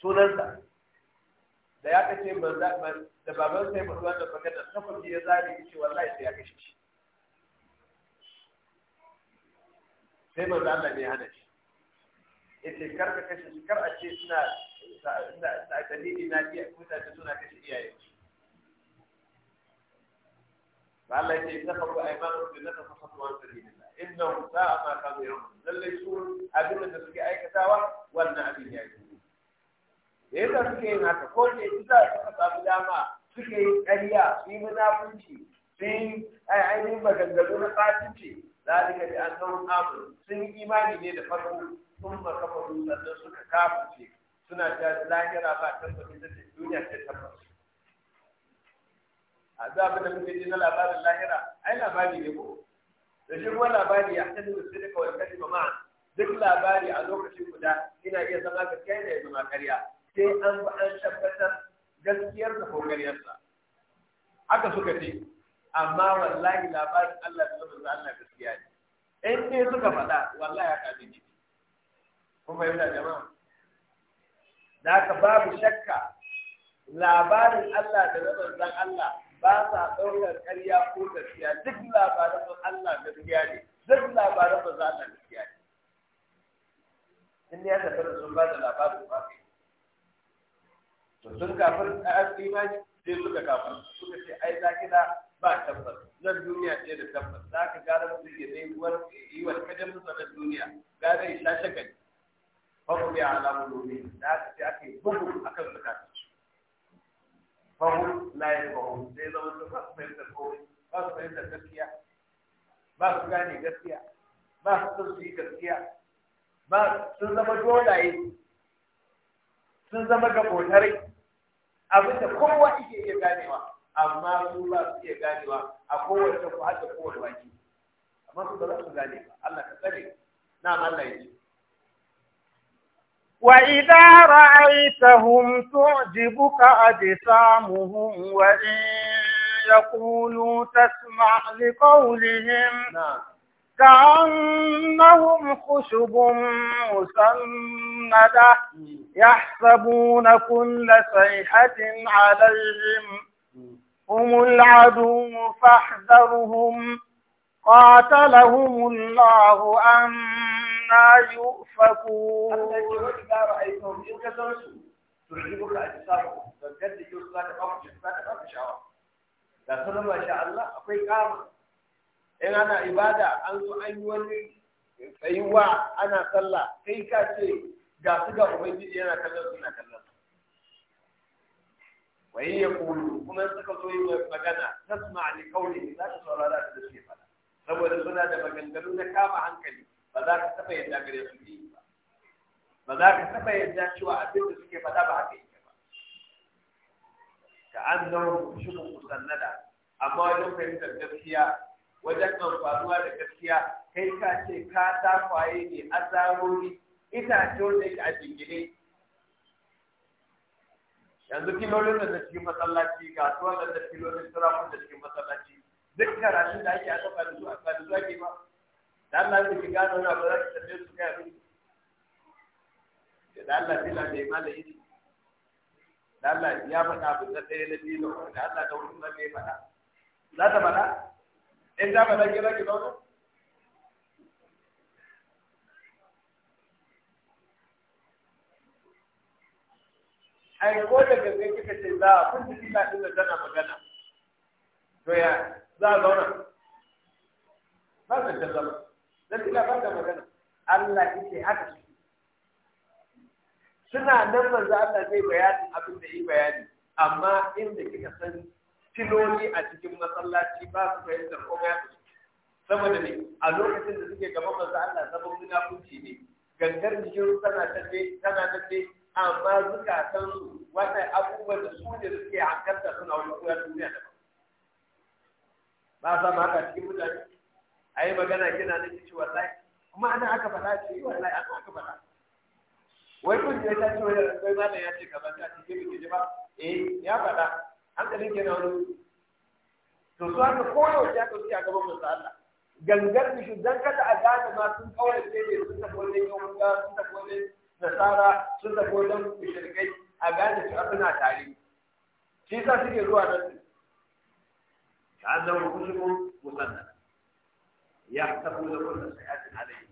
sunan sa masa da ya kace da baban sai mutuwa da fakata ya zabi ce wallahi ya kashe shi sai Allah ne hana shi ita kar kashe kar a ce suna dalili na mutane suna kashe iyayen Allah ya ce nafaqu aymanuhum bi nafaqatu an sabilillah innahum sa'a ma kanu ya'malun lalle su abin da suke aikatawa wannan abin ya yi da yasa suke yi haka ko ne su za su samu dama suke yi ƙarya su yi munafunci su yi ainihin maganganu na fatinci ذلك بأنهم آمنوا سن إيماني ne da farko ثم كفروا sannan suka kafirce suna ta lahira ba tabbacin da duniya ta tabbacin a zuwa abin da muke ji na labarin lahira ai labari ne ko da shi labari ya hada da sadaka wal kalima ma duk labari a lokacin guda ina iya zama gaskiya ne ya zama karya sai an ba an tabbatar gaskiyar da ko karyarsa haka suka ce amma wallahi labarin Allah da manzo Allah gaskiya ne in suka faɗa ya jama'a babu shakka labarin Allah da na manzon Allah ba sa ɗaukar ƙarya ko gaskiya duk labaran Allah gaskiya ne duk labaran ba za Allah gaskiya ne in ya tafi da sun ba da labarin ba kai to sun kafin a imani sai suka kafin suka ce ai za kina ba tabbas nan duniya ce da tabbas za ka gara su ke dai uwar yi wa kajan musa na duniya gara ya sha shakali hukum ya alamu domin da aka ce ake bugu akan zakatar fahim la ya fahim sai zama su ba su fahimtar komai ba su fahimtar gaskiya ba su gane gaskiya ba su son su yi gaskiya ba sun zama dolaye sun zama gabotarai abinda kowa ike iya ganewa amma su ba su iya ganewa a kowace ku hada kowane baki amma su ba za su gane ba Allah ka tsare na Allah ya ji. وإذا رأيتهم تعجبك أجسامهم وإن يقولوا تسمع لقولهم نعم. كأنهم خشب مسندة يحسبون كل صيحة عليهم هم العدو فاحذرهم قاتلهم الله أن anna yufakun Allah ya ce a yi ka san su shi ta Allah akwai kama in ana ibada an zo an yi wani tsayuwa ana sallah kai ka ce ga su ga ubangiji yana kallon suna kallon wa ya kulu kuma suka zo yi magana tasma li kauli za ta saurara da suke fada saboda suna da maganganu na kama hankali ba za ka taɓa yadda gare su yi ba ba za ka taɓa yadda cewa abin da suke faɗa ba haka yake ba ka an zama shukun musannada amma wajen fahimtar gaskiya wajen amfanuwa da gaskiya kai ka ce ka takwaye ne azarori itace wanda yake a jingine yanzu kilolin da cikin masallaci kasuwar da cikin lokacin turakun da cikin masallaci duk karatun da ake a kafa da zuwa ke ba da Allah zai ki gano na ba za ki tambaye su kai abin da Allah sai la bai mala yi da Allah ya faɗa abin da ɗaya na biyu da Allah da wurin nan ne faɗa za ta faɗa in za faɗa ki za ki zauna ai ko da gaske kika ce za a kun ji ina din tana magana to ya za a zauna ba zan ta zama na fila ba da magana Allah yake haka su suna nan manzo Allah zai bayani abin da yi bayani amma inda kika san filoli a cikin masallaci ba su fahimtar komai ya saboda ne a lokacin da suke gaban manzo Allah sabon munafunci ne gangar jikin tana tafe tana tafe amma zukatan su wata abubuwan da su ne suke hankalta suna wani koyar duniya da ba sa ma haka cikin mutane Ayi magana kina nake ci wallahi kuma ana aka faɗa ce wallahi ana aka faɗa wai kun je ta ce wai malam ya ce kaza ta ce ke ji ba eh ya faɗa hankalin na wani to su haka ya aka suke a gaban manzo Allah gangar shi dan kada a gane ma sun kawai sai ne sun tafi wajen ga sun tafi wajen nasara sun tafi wajen mushrikai a gane su suna tare shi yasa suke zuwa nan annahu kusumun musannad ya tabu da kullum sayatin alai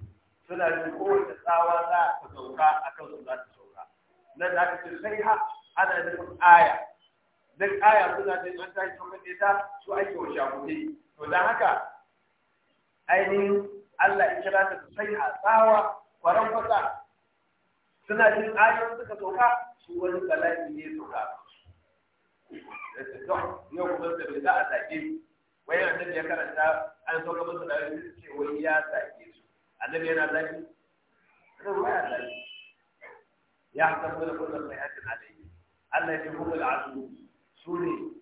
suna jin kowace tsawa za ta sauka a kan su za ta sauka nan za aka ce sai ha ana nufin aya duk aya suna jin an tashi sauka ne ta su ake wa shafuɗe to don haka ainihin Allah ya kira ta sai ha tsawa kwaran fasa suna jin ayoyin suka sauka su wani bala'i ne sauka yau kuma da za a sake wai annabi ya karanta an sauka masa da wani ce wai ya zage su annabi yana zage ruwaya zage ya hakan mana kullum mai hajjin alayhi Allah ya fi kuma al'adu su ne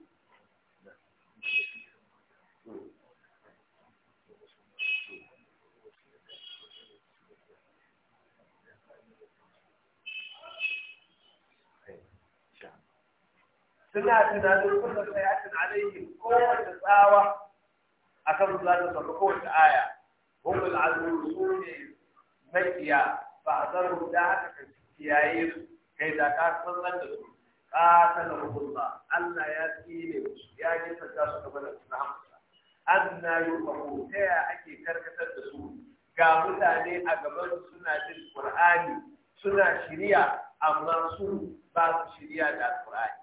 suna tunanin kusa sai a cin alaihi kowace tsawa Akan kan za ta sauka kowace aya. Hukun al’adu su ne makiya ba a zaro da aka kanci kiyaye su kai da da su. Ƙasa da hukun ba, Allah ya tsine ya yi sassa su gaba da suna hamsa. An na yi mako ake karkatar da su ga mutane a gaban suna jin Ƙur'ani suna shirya amma su basu su shirya da Ƙur'ani.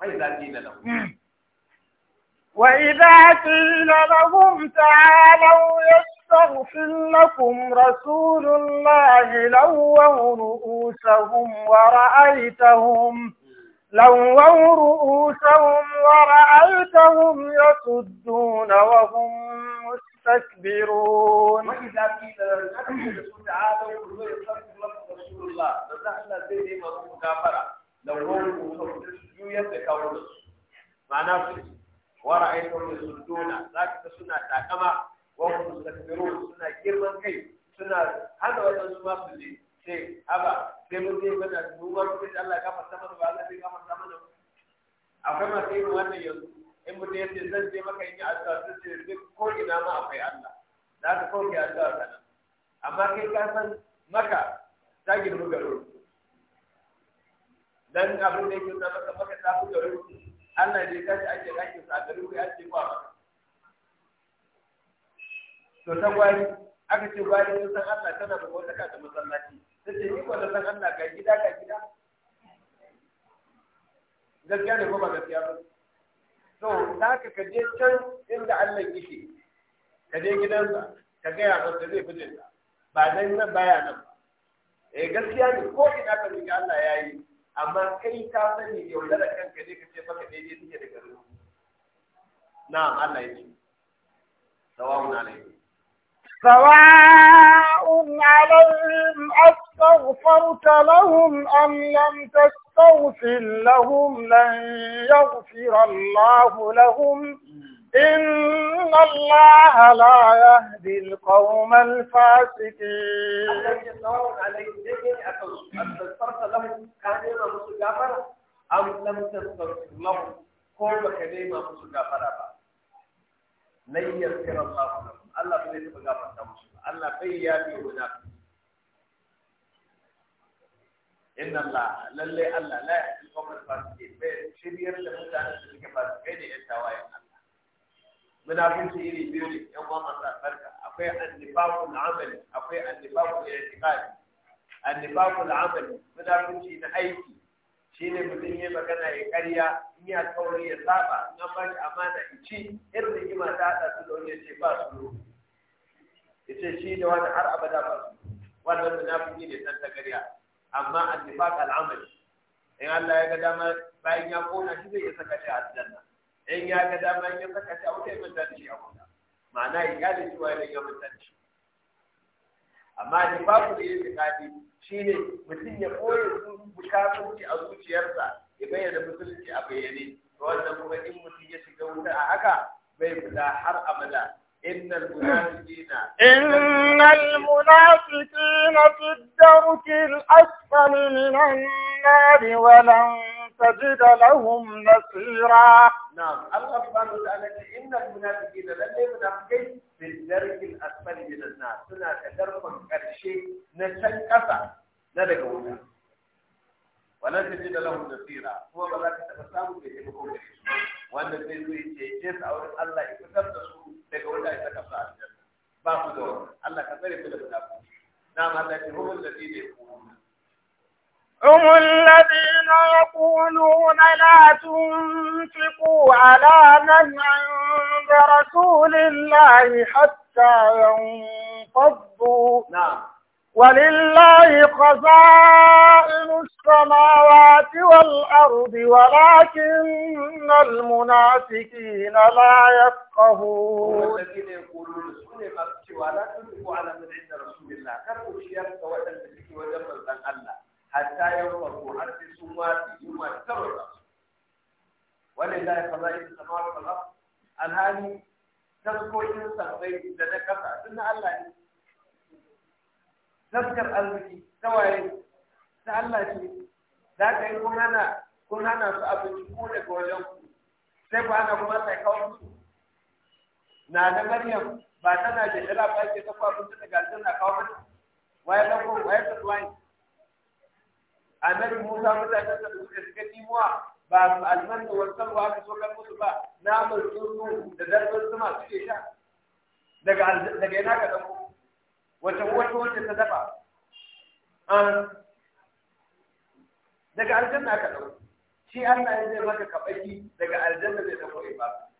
وإذا قيل لهم وإذا قيل لهم تعالوا يستغفر لكم رسول الله لووا رؤوسهم ورأيتهم لووا رؤوسهم ورأيتهم يصدون وهم مستكبرون وإذا قيل لهم تعالوا يستغفر لكم رسول الله لووا رؤوسهم juyar da kawunan su ma'ana su wara aikon da sundona za ka suna takama wani mustakbiru suna girman kai suna hana waɗansu ma su je sai haba sai mun je mana duban kuɗi Allah ya gafarta mana ba Allah ya gafarta mana akwai masu yin wannan yanzu in mutum ya ce zan je maka in yi addu'a sun ce duk ko ina ma akwai Allah za ka kauke addu'a kana amma kai ka san maka ta girmi garo dan abin da yake zama ka baka ta fi Allah ne kashi ake aikin sa garin ku ake ba ba to ta gwari aka ce gwari sun san Allah tana da wata ka da masallaci ta ce ni wanda san Allah ga gida ga gida gaskiya ne ko ba gaskiya ba to za ka ka je can inda Allah yake ka je gidansa ka gaya masa zai fi ba dan nan baya nan eh gaskiya ne ko ina ka riga Allah ya yi amma kai ka sani da kanka ne ka ce maka daidai take da garin na Allah ya ce sawa'un alaikum سواء عليهم أستغفرت لهم أم لم تستغفر لهم لن يغفر الله لهم إن الله لا يهدي القوم الفاسقين لن يذكر الله لهم الله بليس بغافر الله بيابي هناك إن الله لا يهدي القوم الفاسقين شرير لمتعنى تلك فاسقين إنت وإن الله munafinci iri biyu ne yan uwa masu albarka akwai annifaqul amali akwai annifaqul i'tiqadi annifaqul amali munafinci na aiki Shi ne mutum ya magana ya karya in ya alƙawari ya saba in an ba shi amana ya ci irin rigima ta haɗa su da wani ya ce ba su ya ce shi da wani har abada ba su wannan munafiki ne san ta karya amma annifaqul al'amali, in Allah ya ga damar bayan ya kona shi zai iya saka shi a aljanna in ya ga dama in ya saka shi a wuta ya manta da shi a wuta ma'ana ya gane cewa ya ya manta da shi amma ni ku da kaji shi ne mutum ya koyi bukatunci a zuciyarsa ya bayyana musulunci a bayyane to wannan kuma in mutum ya shiga wuta a haka bai fita har abada إن المنافقين في الدرك الأسفل من النار ولن تجد لهم نصيرا نعم الله سبحانه وتعالى إن المنافقين لن يمنافقين في الدرك الأسفل من النار سنة تدرك كرشي نشن كفا ندق ونا ولن تجد لهم نصيرا هو بلاك تبسامه بيجيبكم wanda zai zo ya cece su a wurin Allah ya fitar da su daga wanda ya saka su a aljanna ba su da Allah ka tsare su da munafiki na ma da shi hukumar da zai da ya kuma هم الذين يقولون لا تنفقوا على من عند رسول الله حتى ينفضوا نعم ولله خزائن السماوات والأرض ولكن المنافقين لا يفقهون الذين يقولون لا تنفقوا على من عند رسول الله كانوا شيئا وتنفقوا وجمع الله hatta yau ko har sai sun watsi yunwa ta da su Wani da ya kaza yin sama wa kaza alhali taskokin sabai da na kasa duk na Allah ne taskar arziki waye ta Allah ce za ka yi kun hana su abinci ko daga wajen ku sai ku ana kuma sai kawo su na da Maryam ba tana da jira ba ke kafa ta daga aljanna kawo mata waye dan ko waye ta waye annabi Musa mutanen da suka shiga timuwa ba su alman da wasan wa aka sokar musu ba namun tsuntsu da darbin masu suke sha daga daga yana ga danko wata wata wacce ta dafa daga aljanna ka dauko shi Allah ya zai maka kabaki daga aljanna zai dauko ba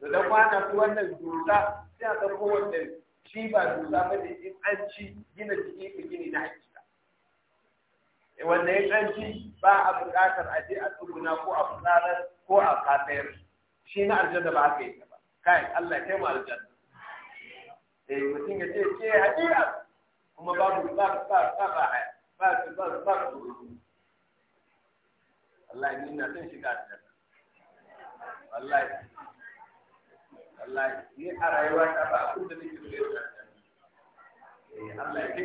da dan kwana su wannan dusa sai a dauko wannan shi ba dusa ba ne in an ci gina jiki ka gini na hakika wanda ya kanci ba a buƙatar a je a tsuguna ko a fitsarar ko a katsayar shi na aljanna ba haka yake ba kai Allah ya mu aljanna eh mutum ya ce ke hadira kuma babu ba ba ba ba ba ba ba Allah ni na son shiga aljanna wallahi wallahi ni a rayuwa ta ba abin da nake so ya eh, Allah ya kai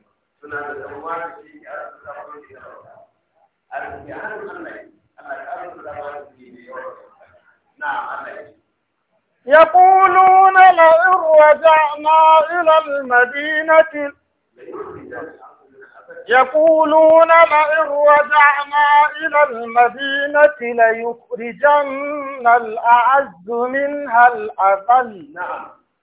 نعم، يقولون لئن رجعنا إلى المدينة يقولون لئن رجعنا إلى المدينة ليخرجن الأعز منها الأذل نعم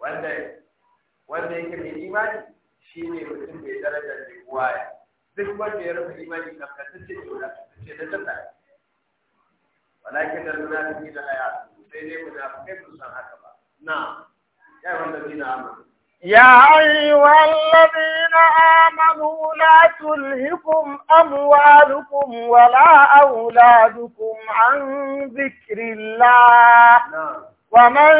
wanda wanda yake mai imani shi ne mutum mai darajar mai waya duk wanda ya rufe imani na kasance ne wanda kasance da tsaka walakin da munafiki da haya sai dai kai ba san haka ba na ya wanda zina amana يا أيها الذين آمنوا لا تلهكم أموالكم ولا أولادكم عن ذكر الله ومن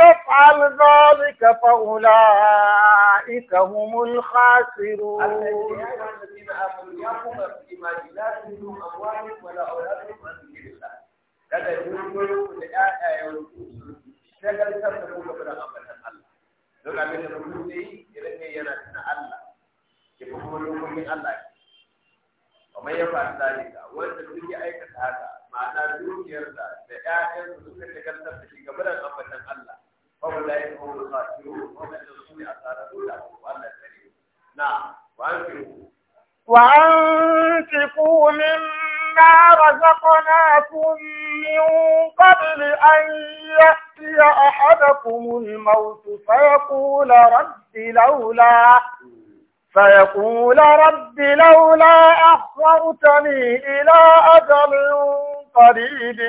يفعل ذلك فأولئك هم الخاسرون يقول ومن يفعل ذلك وانت تريد ايك هذا ma'ana dukiyarsa da ƴaƴansa suka shagaltar da shi game da ambatan Allah fa wallahi hum al-khasirun wa man yusli asaratu la Allah kare na wa anfiqu wa anfiqu mimma razaqnakum min qabl an ya'ti ahadakum al-maut fa yaqula rabbi lawla فيقول رب لولا أخرتني إلى أجل قريب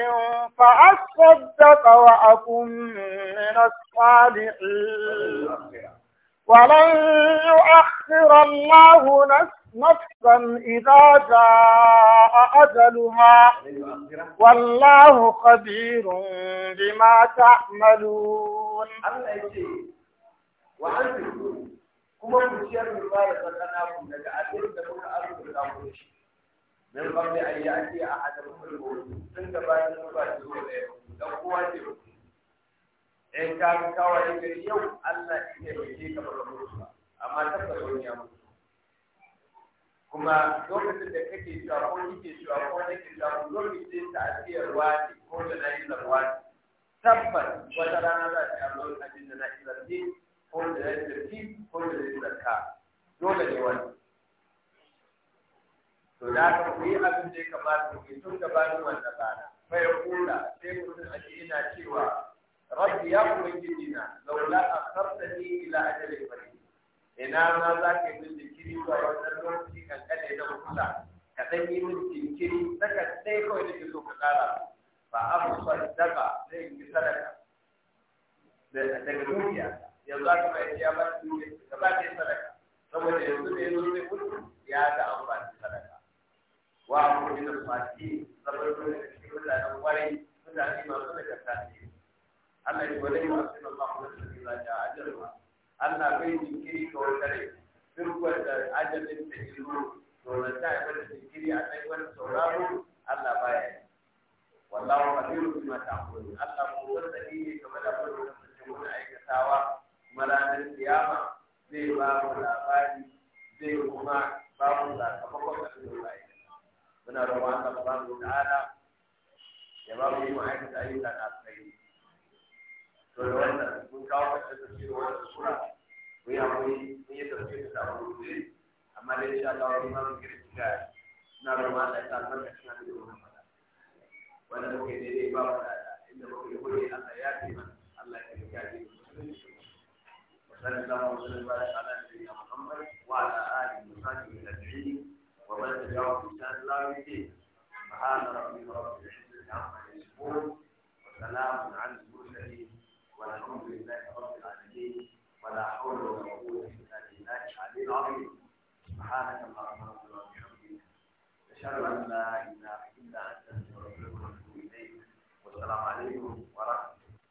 فأصدق وأكن من الصالحين ولن يؤخر الله نفسا إذا جاء أجلها والله خبير بما تعملون kuma كما تشير المبارك ba من tsakanin ku daga abin da min qabli an ya'ti ahadun kullu tun da bayan zuwa da yau dan kowa ce in ka kawai yau Allah ka ba amma tabbata ya kuma lokacin da kake cewa ko kike cewa ko cewa lokacin da ko da na tabbas wata rana za ta yi abin da na izar ko da na ko da na dole ne wani to da ka ku yi abin da ya kamata ku yi tun da bani wanda bana fa ya kula sai mutum a ina cewa rabbi ya ubangiji na laula akhartani ila ajalin qarib ina ma za ka yi jinkiri zuwa wannan lokaci kankane na kula ka dan yi min jinkiri saka sai kawai da ke zo ka kara ba a abu sadaka sai in yi sadaka daga dukiya yanzu aka mai ya ba da dukiya ba ɗaya sadaka saboda yanzu ne yanzu ne mutu ya ga amfani sadaka wa mu fati sabar da cikin mutanen kwarai mutane masu nagarta ne Allah ya sai Allah da shi da Allah bai jinkiri ajalin da ya to da ta yi jinkiri a kai wani sauraro Allah baya yi wallahu qadirun bima Allah ne da da aikatawa kiyama zai ba mu labari zai kuma ba mu sakamakon da zai muna roƙon Allah subhanahu wata'ala ya ba mu yi ma'aikata ayyuka na alkhairi to da wannan mun kawo ƙarshen tafsirin wannan sura mu yi haƙuri mun yi tafsirin da mu rubuce amma da insha Allah wani ma mun girki da muna roƙon Allah ya sa albarka cikin abin da muka faɗa wanda muke daidai ba mu da inda muke yi kuri Allah ya ce Allah ya ce ya ce وصلى da وسلم وبارك على نبينا محمد وعلى اله da اجمعين ومن تبعهم بإحسان لا يوم الدين سبحان ربي رب العزة عما يصفون وسلام على المرسلين والحمد لله رب العالمين ولا حول ولا قوة إلا بالله العلي العظيم سبحانك اللهم وبحمدك أشهد أن لا إله إلا أنت أستغفرك وأتوب إليك والسلام عليكم ورحمة الله